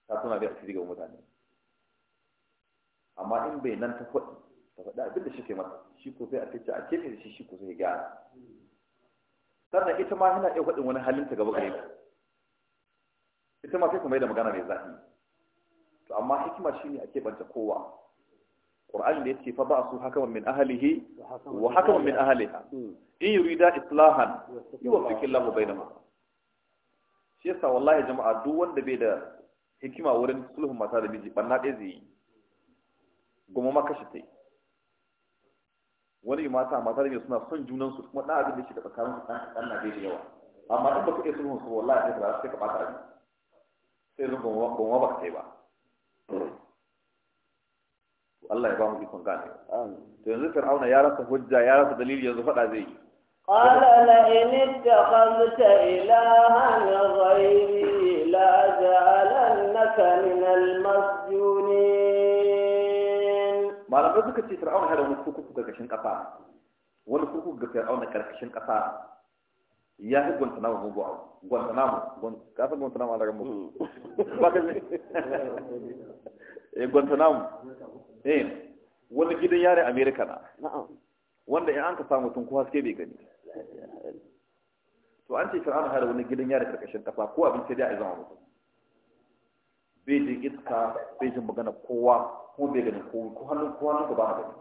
Speaker 1: ta tuna da asiri ga mutane amma in bai nan ta faɗi ta faɗi abin da shi ke mata shi ko sai a kace a kefe da shi shi ko sai gyara sannan ita ma yana iya faɗin wani halin ta gaba gare ta ita ma sai ta mai da magana mai zafi to amma hikima shine a keɓanta kowa Qur'ani da ce fa ba su hakaman min ahlihi wa hakaman min ahliha hmm. in yurida islahan
Speaker 2: yuwaffiq Allah bainahuma
Speaker 1: shi yasa wallahi jama'a duk wanda bai da hikima wurin sulhun mata da miji banna ɗaya zai yi goma ma kashe ta yi wani mata mata da suna son junan su kuma ɗan abin da shi da tsakanin su ɗan na da yawa amma in baka iya sulhun su wallahi sai ka sai ka ɓata abin sai zan goma ba ka kai ba Allah ya ba mu ikon gane to yanzu fir'auna ya rasa hujja ya rasa dalili yanzu faɗa zai yi
Speaker 2: قال لئن اتخذت إلها غيري لأجعلنك من المسجونين ما لم يذكر فرعون هذا
Speaker 1: هو الكوكب كركشن قطع والكوكب كفرعون كركشن قطع ya fi guantanamo mugu abu guantanamo ka san guantanamo a daga mugu mm. ba ka eh wani gidan yare Amerika na wanda in an ka samu tun kuwa haske bai gani to an ce fir'auna har wani gidan yare karkashin kafa ko abin sai dai a zama mutum bai jin iska bai jin magana kowa ko bai gani ko hannun kowa nan ba gani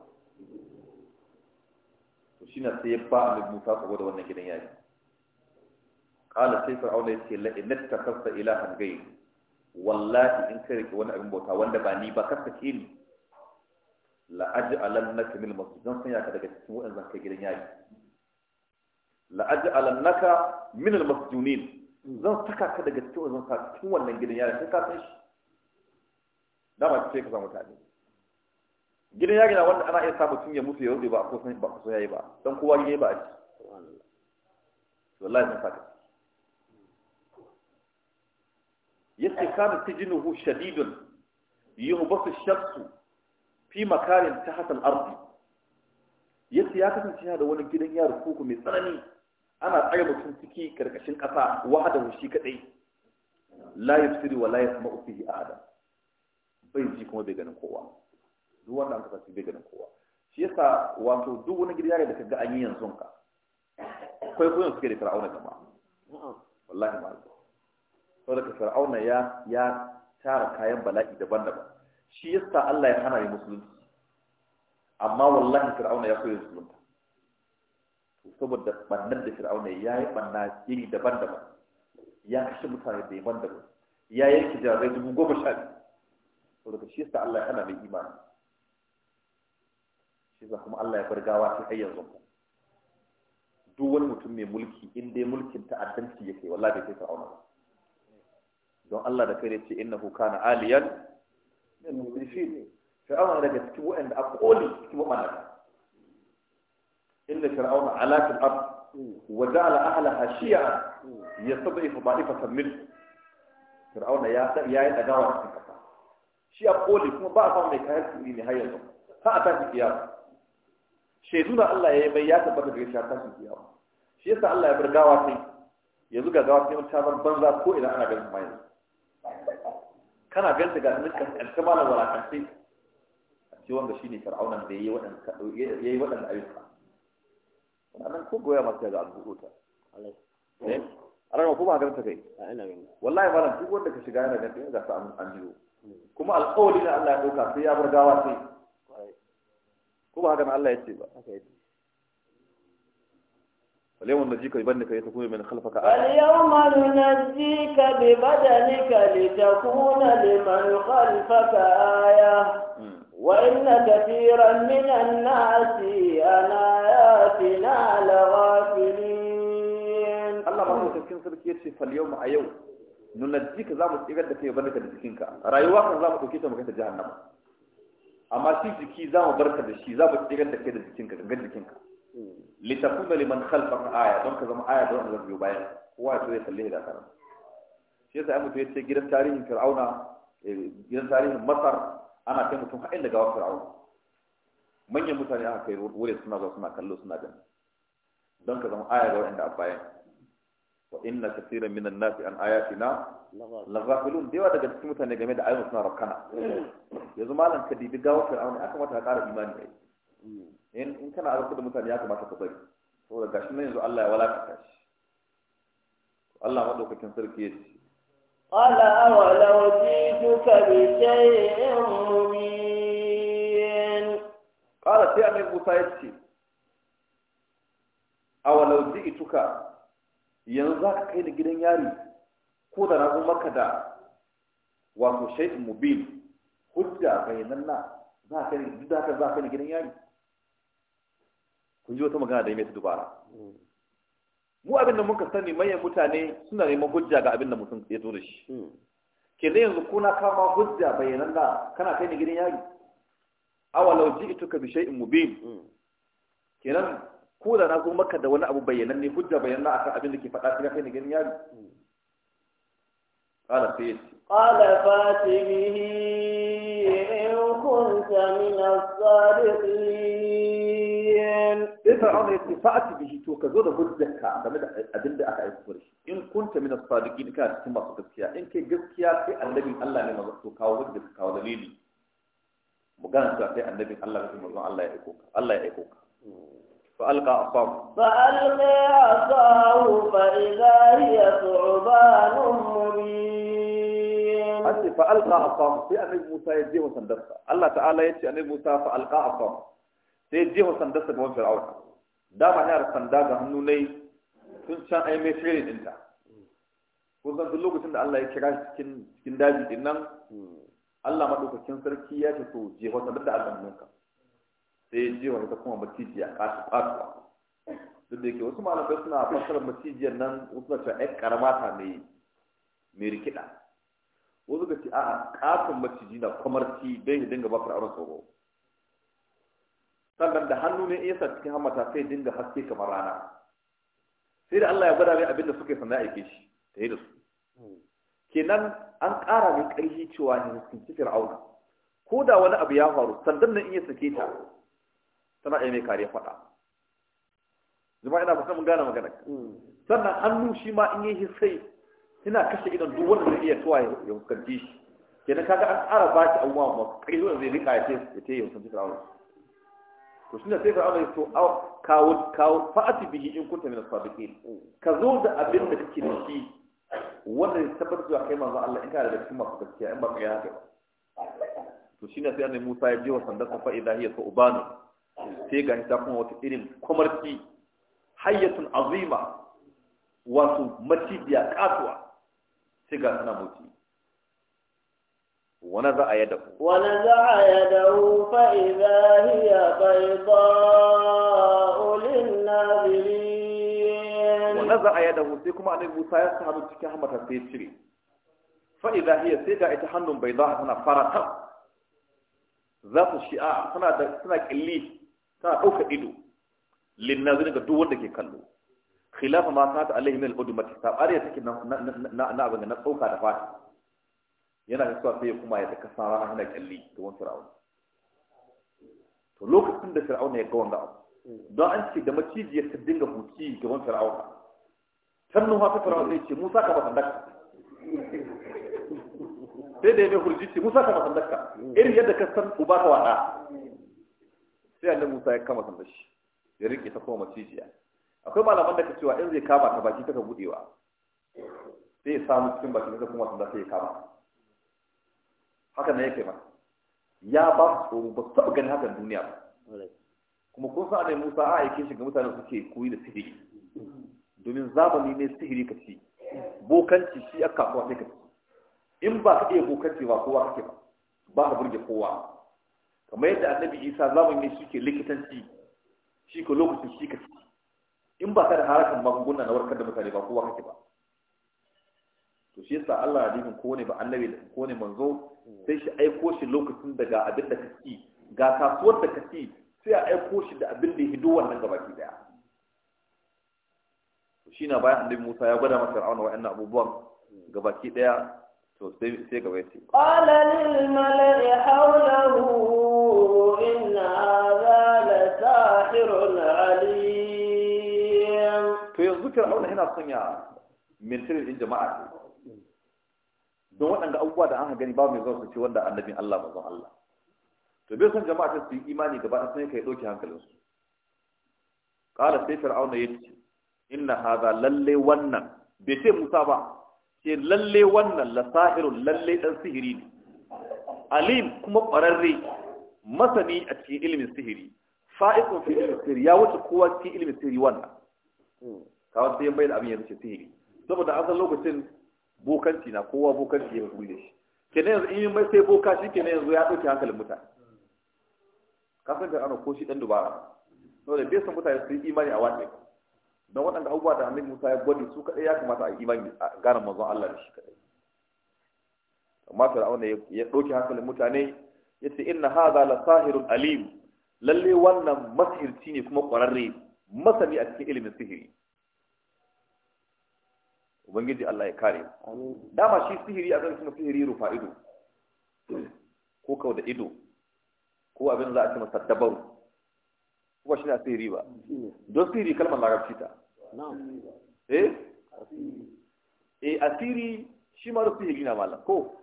Speaker 1: to na sai ya ba mai Musa saboda wannan gidan yari kala sai ce yace na ta kasta ilahan ghayr wallahi in kai rike wani abin bauta wanda ba ni ba kasta ke ni la'aji naka mil masu zan sanya ka daga cikin waɗanda kai gidan yayi la'aji naka min almasjunin zan saka ka daga cikin waɗanda ka cikin wannan gidan yayi sai ka san shi dama ce ka samu tare gidan yayi na wanda ana iya samu tun ya mutu ya rude ba ko san ba ko yayi ba dan kowa yayi ba a ci wallahi zan saka yake kana tijinuhu shadidun yuhbasu shamsu fi makarin ta hatal ardi yace ya kasance yana da wani gidan yaro kuku mai tsanani ana tsaye mutum ciki karkashin kasa wahada shi kadai la yafsiri wa la yasma'u fihi ahada bai ji kuma bai ganin kowa duk wanda an kasance bai ganin kowa shi yasa wato duk wani gidan yaro da kaga an yi yanzu ka kai koyon suke da fir'auna
Speaker 2: jama'a
Speaker 1: wallahi ma'a saboda fir'auna ya ya tara kayan bala'i daban-daban shi yasa Allah ya hana yi musulunci amma wallahi fir'auna ya koyi ya musulunta to saboda bannan da fir'auna ya yi banna iri daban-daban ya kashe mutane da yaban daban ya yanke jarabai dubu goma sha biyu saboda shi yasa Allah ya hana mai imani shi yasa kuma Allah ya bar gawa ta hanyar zuwa duk wani mutum mai mulki in dai mulkin ta'addanci yake wallahi bai kai fir'auna ba don Allah da kai ne ce innahu kana aliyan mublishin fir'auna daga cikin waɗanda a koli cikin waɗanda inda fir'auna ala fil ard wa ja'ala ahlaha shi'a yastad'ifu da'ifatan min fir'auna ya ya yi dagawa cikin kasa shi a koli kuma ba a samu mai kayan tsiri ne har yanzu har a tashi kiyama shaidu na Allah ya yi mai ya tabbata daga shi a tashi kiyama shi yasa Allah ya bar gawa sai gawa sai banza ko idan ana ganin mai kana ganta ga dukkan kaskanta malam walakance a ce wanda ne fir'aunan da ya yi waɗanda ayyuka wannan ko goya masu masa ga abubuwa a Allah kuma eh? a ganta kai wallahi malam duk wanda ka shiga yana ganta ga sa an biyo hmm. kuma alƙawari na Allah ya ɗauka sai ya bar gawa sai Kuma hakan Allah ya ce ba اليوم نجيك ببدنك لتكون من خلفك آية اليوم
Speaker 2: ننجيك ببدنك لتكون لمن خلفك آية وإن كثيرا من الناس أنا آياتنا لغافلين الله ما هو
Speaker 1: تسكين صدق يرشي فاليوم أيو ننجيك زامت إبادك يبدنك لتكينك رأيواك زامت وكيتا مكتا جهنم amma shi jiki za mu barka da shi za mu tsirar da kai da jikinka gangan jikinka litakuna liman khalfan aya don ka zama aya don wanda biyo bayan kowa ya so ya kalle da kana shi yasa abu ya ce gidan tarihin fir'auna eh, gidan tarihin masar ana kai mutum haɗin daga wasu fir'auna manyan mutane aka kai wuri suna zuwa suna kallo suna gani don ka zama aya ga wanda abaya wa inna kaseeran minan nasi an ayatina laghafilun da yawa daga cikin mutane game da ayyukan suna rakkana yanzu malam ka dibi gawar fir'auna aka mata ƙara imani ne in kana a da mutane ya kamata ka bari saboda gashi na yanzu Allah ya walakata shi Allah maɗaukakin sarki ya ce
Speaker 2: qala aw law jiduka bi shay'in mubin
Speaker 1: qala sai an mai busa ya ce aw law jiduka yanzu za ka kai ni gidan yari ko da na zo maka da wato shay'in mubin hujja bayyana za ka ni gidan yari kun ji wata magana da mai dubara mm. mu abin da muka sani manyan mutane suna neman hujja ga abin da mutum ya zo da shi mm. ke da yanzu kuna kama hujja bayanan da kana kai ni gidan yari awalau ka bi shay'in mubin mm. kenan ko da na zo maka da wani abu bayanan ne hujja bayanan akan abin da ke faɗa cikin kai ni gidan yari
Speaker 2: قال فيت قال in إن كنت من الصادقين sai fir'auna ya ce fa'ati bihi to ka zo da hujjarka game da
Speaker 1: abin da aka aiko da shi in kunta min as-sadiqin ka cikin masu gaskiya in kai gaskiya kai annabin Allah ne mazo to kawo hujjar ka kawo dalili mu gana cewa kai annabin Allah ne mazo Allah ya aiko ka Allah ya aiko ka fa alqa asab
Speaker 2: fa alqa asahu fa idha hiya thu'banun mubin
Speaker 1: fa alqa asab sai annabi Musa ya je wa sandarsa Allah ta'ala ya ce annabi Musa fa alqa asab sai jefa sandarsa gaban fir'auna dama yana da sanda ga hannu nai tun can ai mai shirin dinta ko san duk lokacin da Allah ya kira shi cikin cikin daji din nan Allah madaukakin sarki ya ce to jefa sandar da ka sai je jefa ta kuma macijiya kasu kasu duk da yake wasu malamai suna fassara macijiyar nan wasu da ai karama ta mai mai rikida wasu ga ce a'a katon maciji na kwamarci bai dinga ba fir'auna tsoro sannan da hannu ne iya sa cikin hammata sai dinga haske kamar rana sai da Allah ya gwada mai abin da suke sanar aike shi ta yi da su kenan an ƙara mai ƙarfi cewa ne cikin fir'auna ko da wani abu ya faru sandan nan iya sake ta tana iya mai kare faɗa zuma ina fasa mun gane magana sannan hannu shi ma in yi sai ina kashe idan duk wanda zai iya tuwa ya shi kenan kaga an ƙara ba shi abubuwa masu ƙarfi wanda zai riƙa ya ce ya huskanci fir'auna to shine sai fir'auna ya to kawo kawo fa'ati bihi in kunta min as-sabiqin ka zo da abin da kike da shi wanda ya zuwa kai manzo Allah in kana da cikin masu gaskiya in ba ka yaka ba to shine sai annabi Musa ya je wa sandar sa fa idha hiya ubanu sai ga ta kuma wata irin kumarci hayyatun azima wato macibiya katuwa sai ga suna mutu ونزع يده ونزع يده فإذا هي بيضاء
Speaker 2: للناظرين
Speaker 1: ونزع يده سيكما أن موسى يسحب تكهمة سيتشري فإذا هي سيجا يتحنن بيضاء هنا فرقة ذات الشعاع سنة سنة كلي سنة أوكا إدو للناظرين قدوة لكي كلو خلاف ما كانت عليه من الأدمة سابقا أريد تكي نعبنا نصوكا دفاتي yana suwa sai ya kuma ya saka sa rana hana kyalli ga wani fir'auna to lokacin da fir'auna ya ga wanda abu don an ce da macijiyar ta dinga huci ga wani fir'auna can ha hafi fir'auna ya ce musa ka basan daka
Speaker 2: sai da ya mai hurji ce musa ka basan daka irin yadda ka
Speaker 1: san uba ka wada sai annabi musa ya kama sanda shi ya rike ta kuma macijiya akwai malaman da ka cewa in zai kama ta baki ta ka budewa sai ya samu cikin baki ta kuma sanda sai ya kama haka ne yake ba ya ba su ba su taɓa ganin hakan duniya ba kuma kun sa ne musa a aike shi ga mutanen suke koyi da sihiri domin zamani ne sihiri ka ci bokanci shi aka kasuwa sai ka ci in ba ka iya bokanci ba kowa kake ba ba ka burge kowa kamar yadda annabi isa zamani ne suke likitanci shi ka lokacin shi ka ci in ba ka da harakan magunguna na warkar da mutane ba kowa kake ba to shi yasa Allah ya dinka ko ne ba annabi ko ne manzo sai shi aiko shi lokacin daga abin da ka ci ga kasuwar da ka ci sai a aiko shi da abin da ya hido wannan gabaki daya shi na bayan annabi Musa ya gwada masa Fir'auna wa'annan abubuwan gabaki daya to sai sai gaba yace
Speaker 2: qala lil mala'i hawlahu inna hadha la sahirun alim to yanzu Fir'auna
Speaker 1: yana son ya din jama'a don waɗanda abubuwa da an gani babu mai zuwa su ce wanda annabin Allah mazan Allah to bai son jama'a ta su yi imani gaba ɗaya kai ɗauke hankalinsu Ƙara sai fir'auna ya ce inna haza lalle wannan bai ce musa ba ce lalle wannan la sahirun lalle ɗan sihiri ne alim kuma ƙwararre masani a cikin ilimin sihiri fa'ikun fi ilimin sihiri ya wuce kowa cikin ilimin sihiri wannan kawai sai ya bayyana abin ya ce sihiri saboda an san lokacin bokanci na kowa bokanci ya kulle shi kenan yanzu in yi mai sai boka shi kenan yanzu ya ɗauke hankalin mutane Kafin da ana ko shi ɗan dubara da bai san mutane su yi imani a wani don waɗanda abubuwa da hannun musa ya gwada su kaɗai ya kamata a imani a ganin manzon allah da shi kaɗai amma fir'auna ya ɗauke hankalin mutane ya ce na hadha la sahirun alim lalle wannan masirci ne kuma ƙwararre masani a cikin ilimin sihiri ubangiji Allah ya kare dama shi sihiri a zai sihiri rufa ido ko kawo da ido ko abin za a ce masa dabaru ko shi na sihiri ba don sihiri kalmar larabci ta eh eh asiri shi ma sihiri na malam ko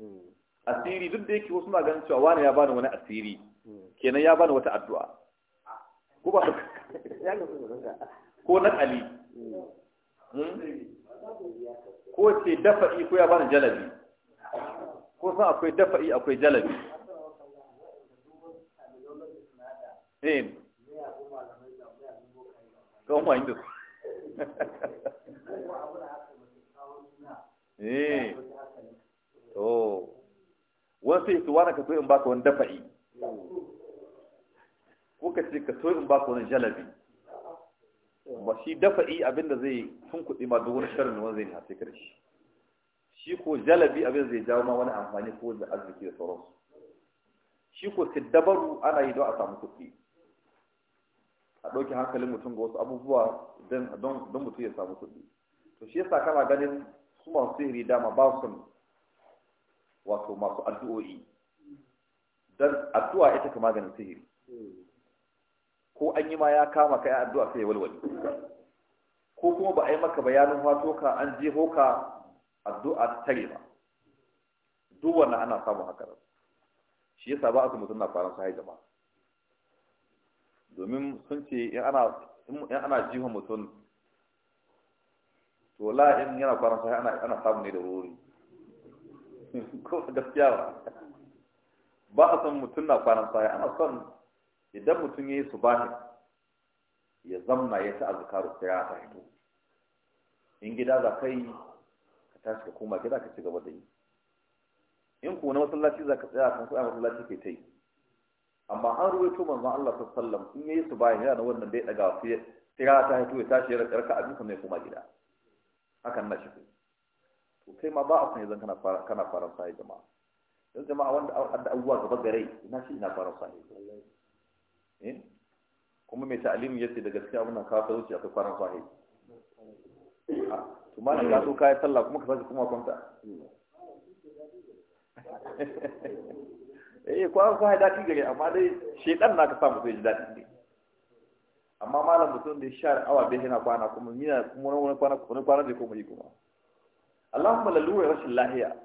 Speaker 1: hmm. asiri duk da yake wasu na ganin cewa wani ya bani wani asiri hmm. kenan ya bani wata addu'a ko ba ko na ali hmm. ko ce dafa'i ko ya bani jalabi ko san akwai dafa'i akwai jalabi eh kan wani da eh to wasu yi tuwa ka so in baka wani dafa'i ko ka ce ka so in baka wani jalabi ba shi dafa dafa'i abinda zai sun kuɗi ma duk wani sharrin wani zai hafi ka da shi shi ko jalabi abin zai jawo ma wani amfani ko da arziki da sauransu shi ko siddabaru ana yi don a samu kuɗi a ɗauki hankalin mutum ga wasu abubuwa don mutum ya samu kuɗi to shi yasa kana ganin su masu sihiri dama ba su wato masu addu'o'i don addu'a ita ka maganin sihiri ko an yi ma ya kama ka yi addu'a sai ya walwale ko kuma ba a yi maka bayanin wato ka an jeho ka addu'a ta tare ba duk wannan ana samun haka shi yasa ba a su mutum na kwanan sai jama'a domin sun ce in ana in ana jihon mutum to la in yana kwanan sai ana ana samu ne da wuri ko gaskiya ba ba a san mutum na kwanan sai ana son idan mutum ya yi su ya zamna ya ta azkaru sai ya ta hito in gida za ka yi ka tashi ka koma gida ka ci gaba da yi in ku na masallaci za ka tsaya kan tsaya masallaci ke ta yi amma an to manzon Allah sallallahu alaihi in yi su bayan yana wannan bai daga sai ya ta hito ya tashi ya raka abin sannan ya koma gida hakan na shi to kai ma ba a san yanzu kana fara kana fara sai jama'a yanzu jama'a wanda da abubuwa gaba gare ina shi ina fara sai Eh? kuma mai ta'alimi yace da gaskiya muna kafa a akwai kwanan kwahe ah, to ma ka so yi sallah kuma ka sake kuma kwanta eh kwanan kwahe daɗi gare amma dai shedan na ka samu sai ji daɗi amma malam mutum da ya sha awa bai yana kwana kuma na kuma wani kwana kuma kwana da kuma yi kuma Allahumma lura rashin lahiya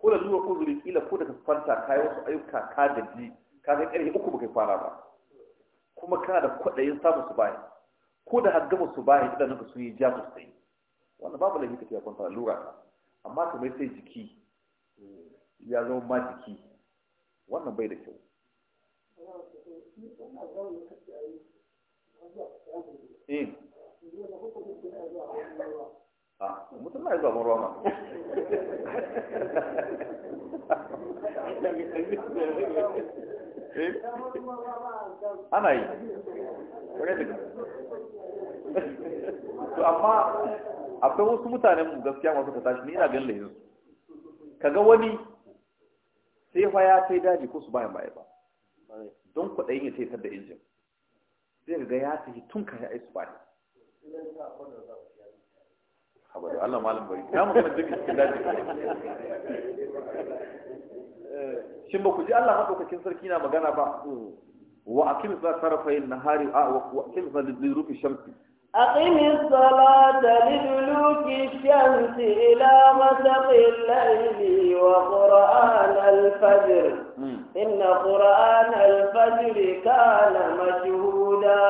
Speaker 1: ko la ko zuri kila ko da ka kwanta kai wasu ayyuka ka gaji ka ga ƙarfi uku baka kwana ba kuma kana da kwaɗayin samun su bayan ko da har gama su bayan idan ka sun yi ja sosai wannan babu laifi ka tafiya kwanta lura ta amma ka mai sai jiki ya zama ma jiki wannan bai da kyau
Speaker 2: eh. ah, mutum na zuwa ruwa ma Eh? ana yi to amma akwai
Speaker 1: wasu mutanen gaskiya masu ka tashi ni ina ganin lahin su kaga wani sai fa ya kai daji ko su bayan baya ba don kwaɗayin ya sai da injin sai ga ya tafi tun ka ya aisu bani خبره الله معلم بري يا محمد ديك كلاتي شي مكو الله حقو النهار آه، و اقيم الشمس
Speaker 2: اقيم الصلاه لدلوك الشمس الى غسق الليل وقران الفجر ان قران الفجر كان مجهولا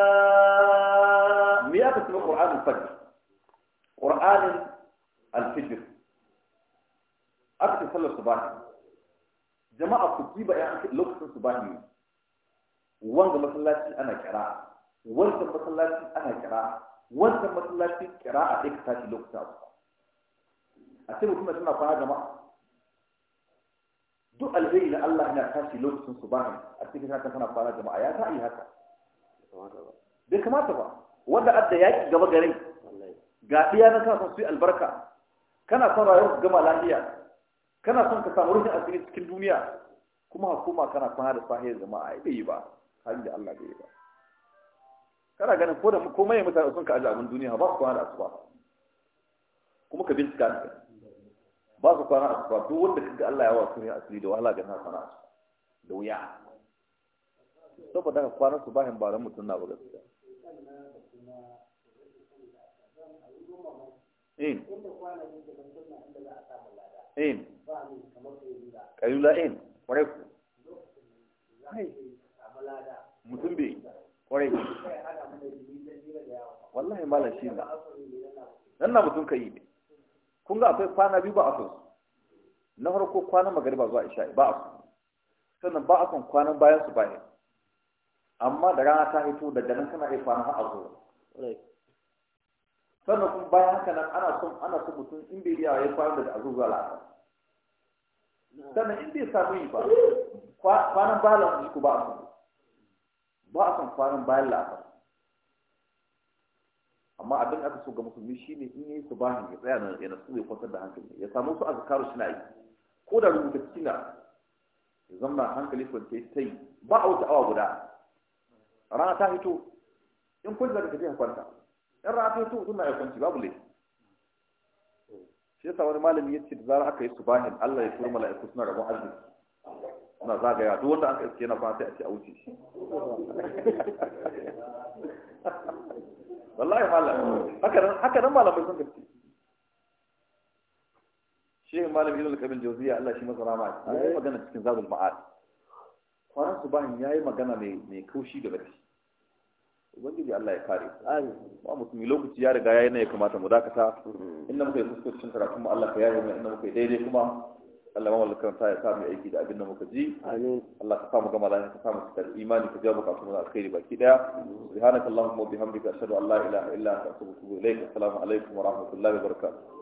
Speaker 2: ميا قران الفجر
Speaker 1: ƙur'anin alfijir aka ce sallar subahi jama'a ku ji ba yan lokacin subahi wanga masallaci ana kira wancan masallaci ana kira wancan masallaci kira a ɗaya tashi lokacin abu a ce mutum tana kwana jama'a duk alheri da Allah yana tashi lokacin subahi a cikin haka tana kwana jama'a ya ta yi haka ba wanda adda yaki gaba garin ga ɗiya na kana son su yi albarka kana son rayuwar su gama lafiya kana son ka samu rufin asiri cikin duniya kuma hukuma kana kwana da sahiyar zama ai bai yi ba halin da Allah bai yi ba kana ganin ko da komai mutane sun ka aji abin duniya ba su kwana da asuba kuma ka bincika ne ba su kwana asuba duk wanda kaga Allah ya wa su asiri da wahala ga na kwana asuba da wuya saboda ka kwana su bahin baran ran mutum na ba gaskiya
Speaker 2: in in kalula
Speaker 1: in kwarai ku mutum bai kwarai ku wallahi malam shi ne nan na mutum ka yi ne kun ga akwai kwana biyu ba a so na farko kwanan magariba zuwa isha'i ba a so sannan ba a son kwanan bayan su bayan amma da rana ta hito da nan kana iya kwana har a zuwa sannan kuma bayan haka nan ana son ana son mutum in bai iya ya da daga azuzuwa la'asar sannan in bai samu yi ba kwanan bayan la'asar ku ba a son ba a son kwanan bayan la'asar amma abin aka so ga musulmi shine in yi su bahin ya tsaya nan yana su zai kwantar da hankali ya samu su azkaru suna yi ko da rubuta cikin ya zama hankali kwance ta yi ba a wata awa guda rana ta fito in kun zaka je ka kwanta in rana ta suna ya kwanci babu le. shi yasa wani malami ya ce da zarar aka yi subahin Allah ya turu mala'iku suna rabon arziki suna zagaya duk wanda aka iske yana ba sai a ce a wuce shi wallahi malam haka nan malamai sun gaske shi malam ibn al-qabil jawziya Allah shi masa rama ya magana cikin zabul ma'ad kwanan subahin yi magana mai kaushi da gaske ubangiji Allah ya kare ba musulmi lokaci ya riga yayi ne ya kamata mu dakata mm. inda muka yi fuskocin karatu mu Allah ka yaye mu inda muka yi daidai kuma Allah ma wallahi karanta ya sami aiki da abin da muka ji amin Allah ka samu gama lafiya ka samu cikar imani ka jawo bukatun mu alkhairi baki daya mm. subhanakallahumma wa bihamdika ashhadu an la ilaha illa anta astaghfiruka wa atubu ilaik assalamu alaikum wa rahmatullahi wa barakatuh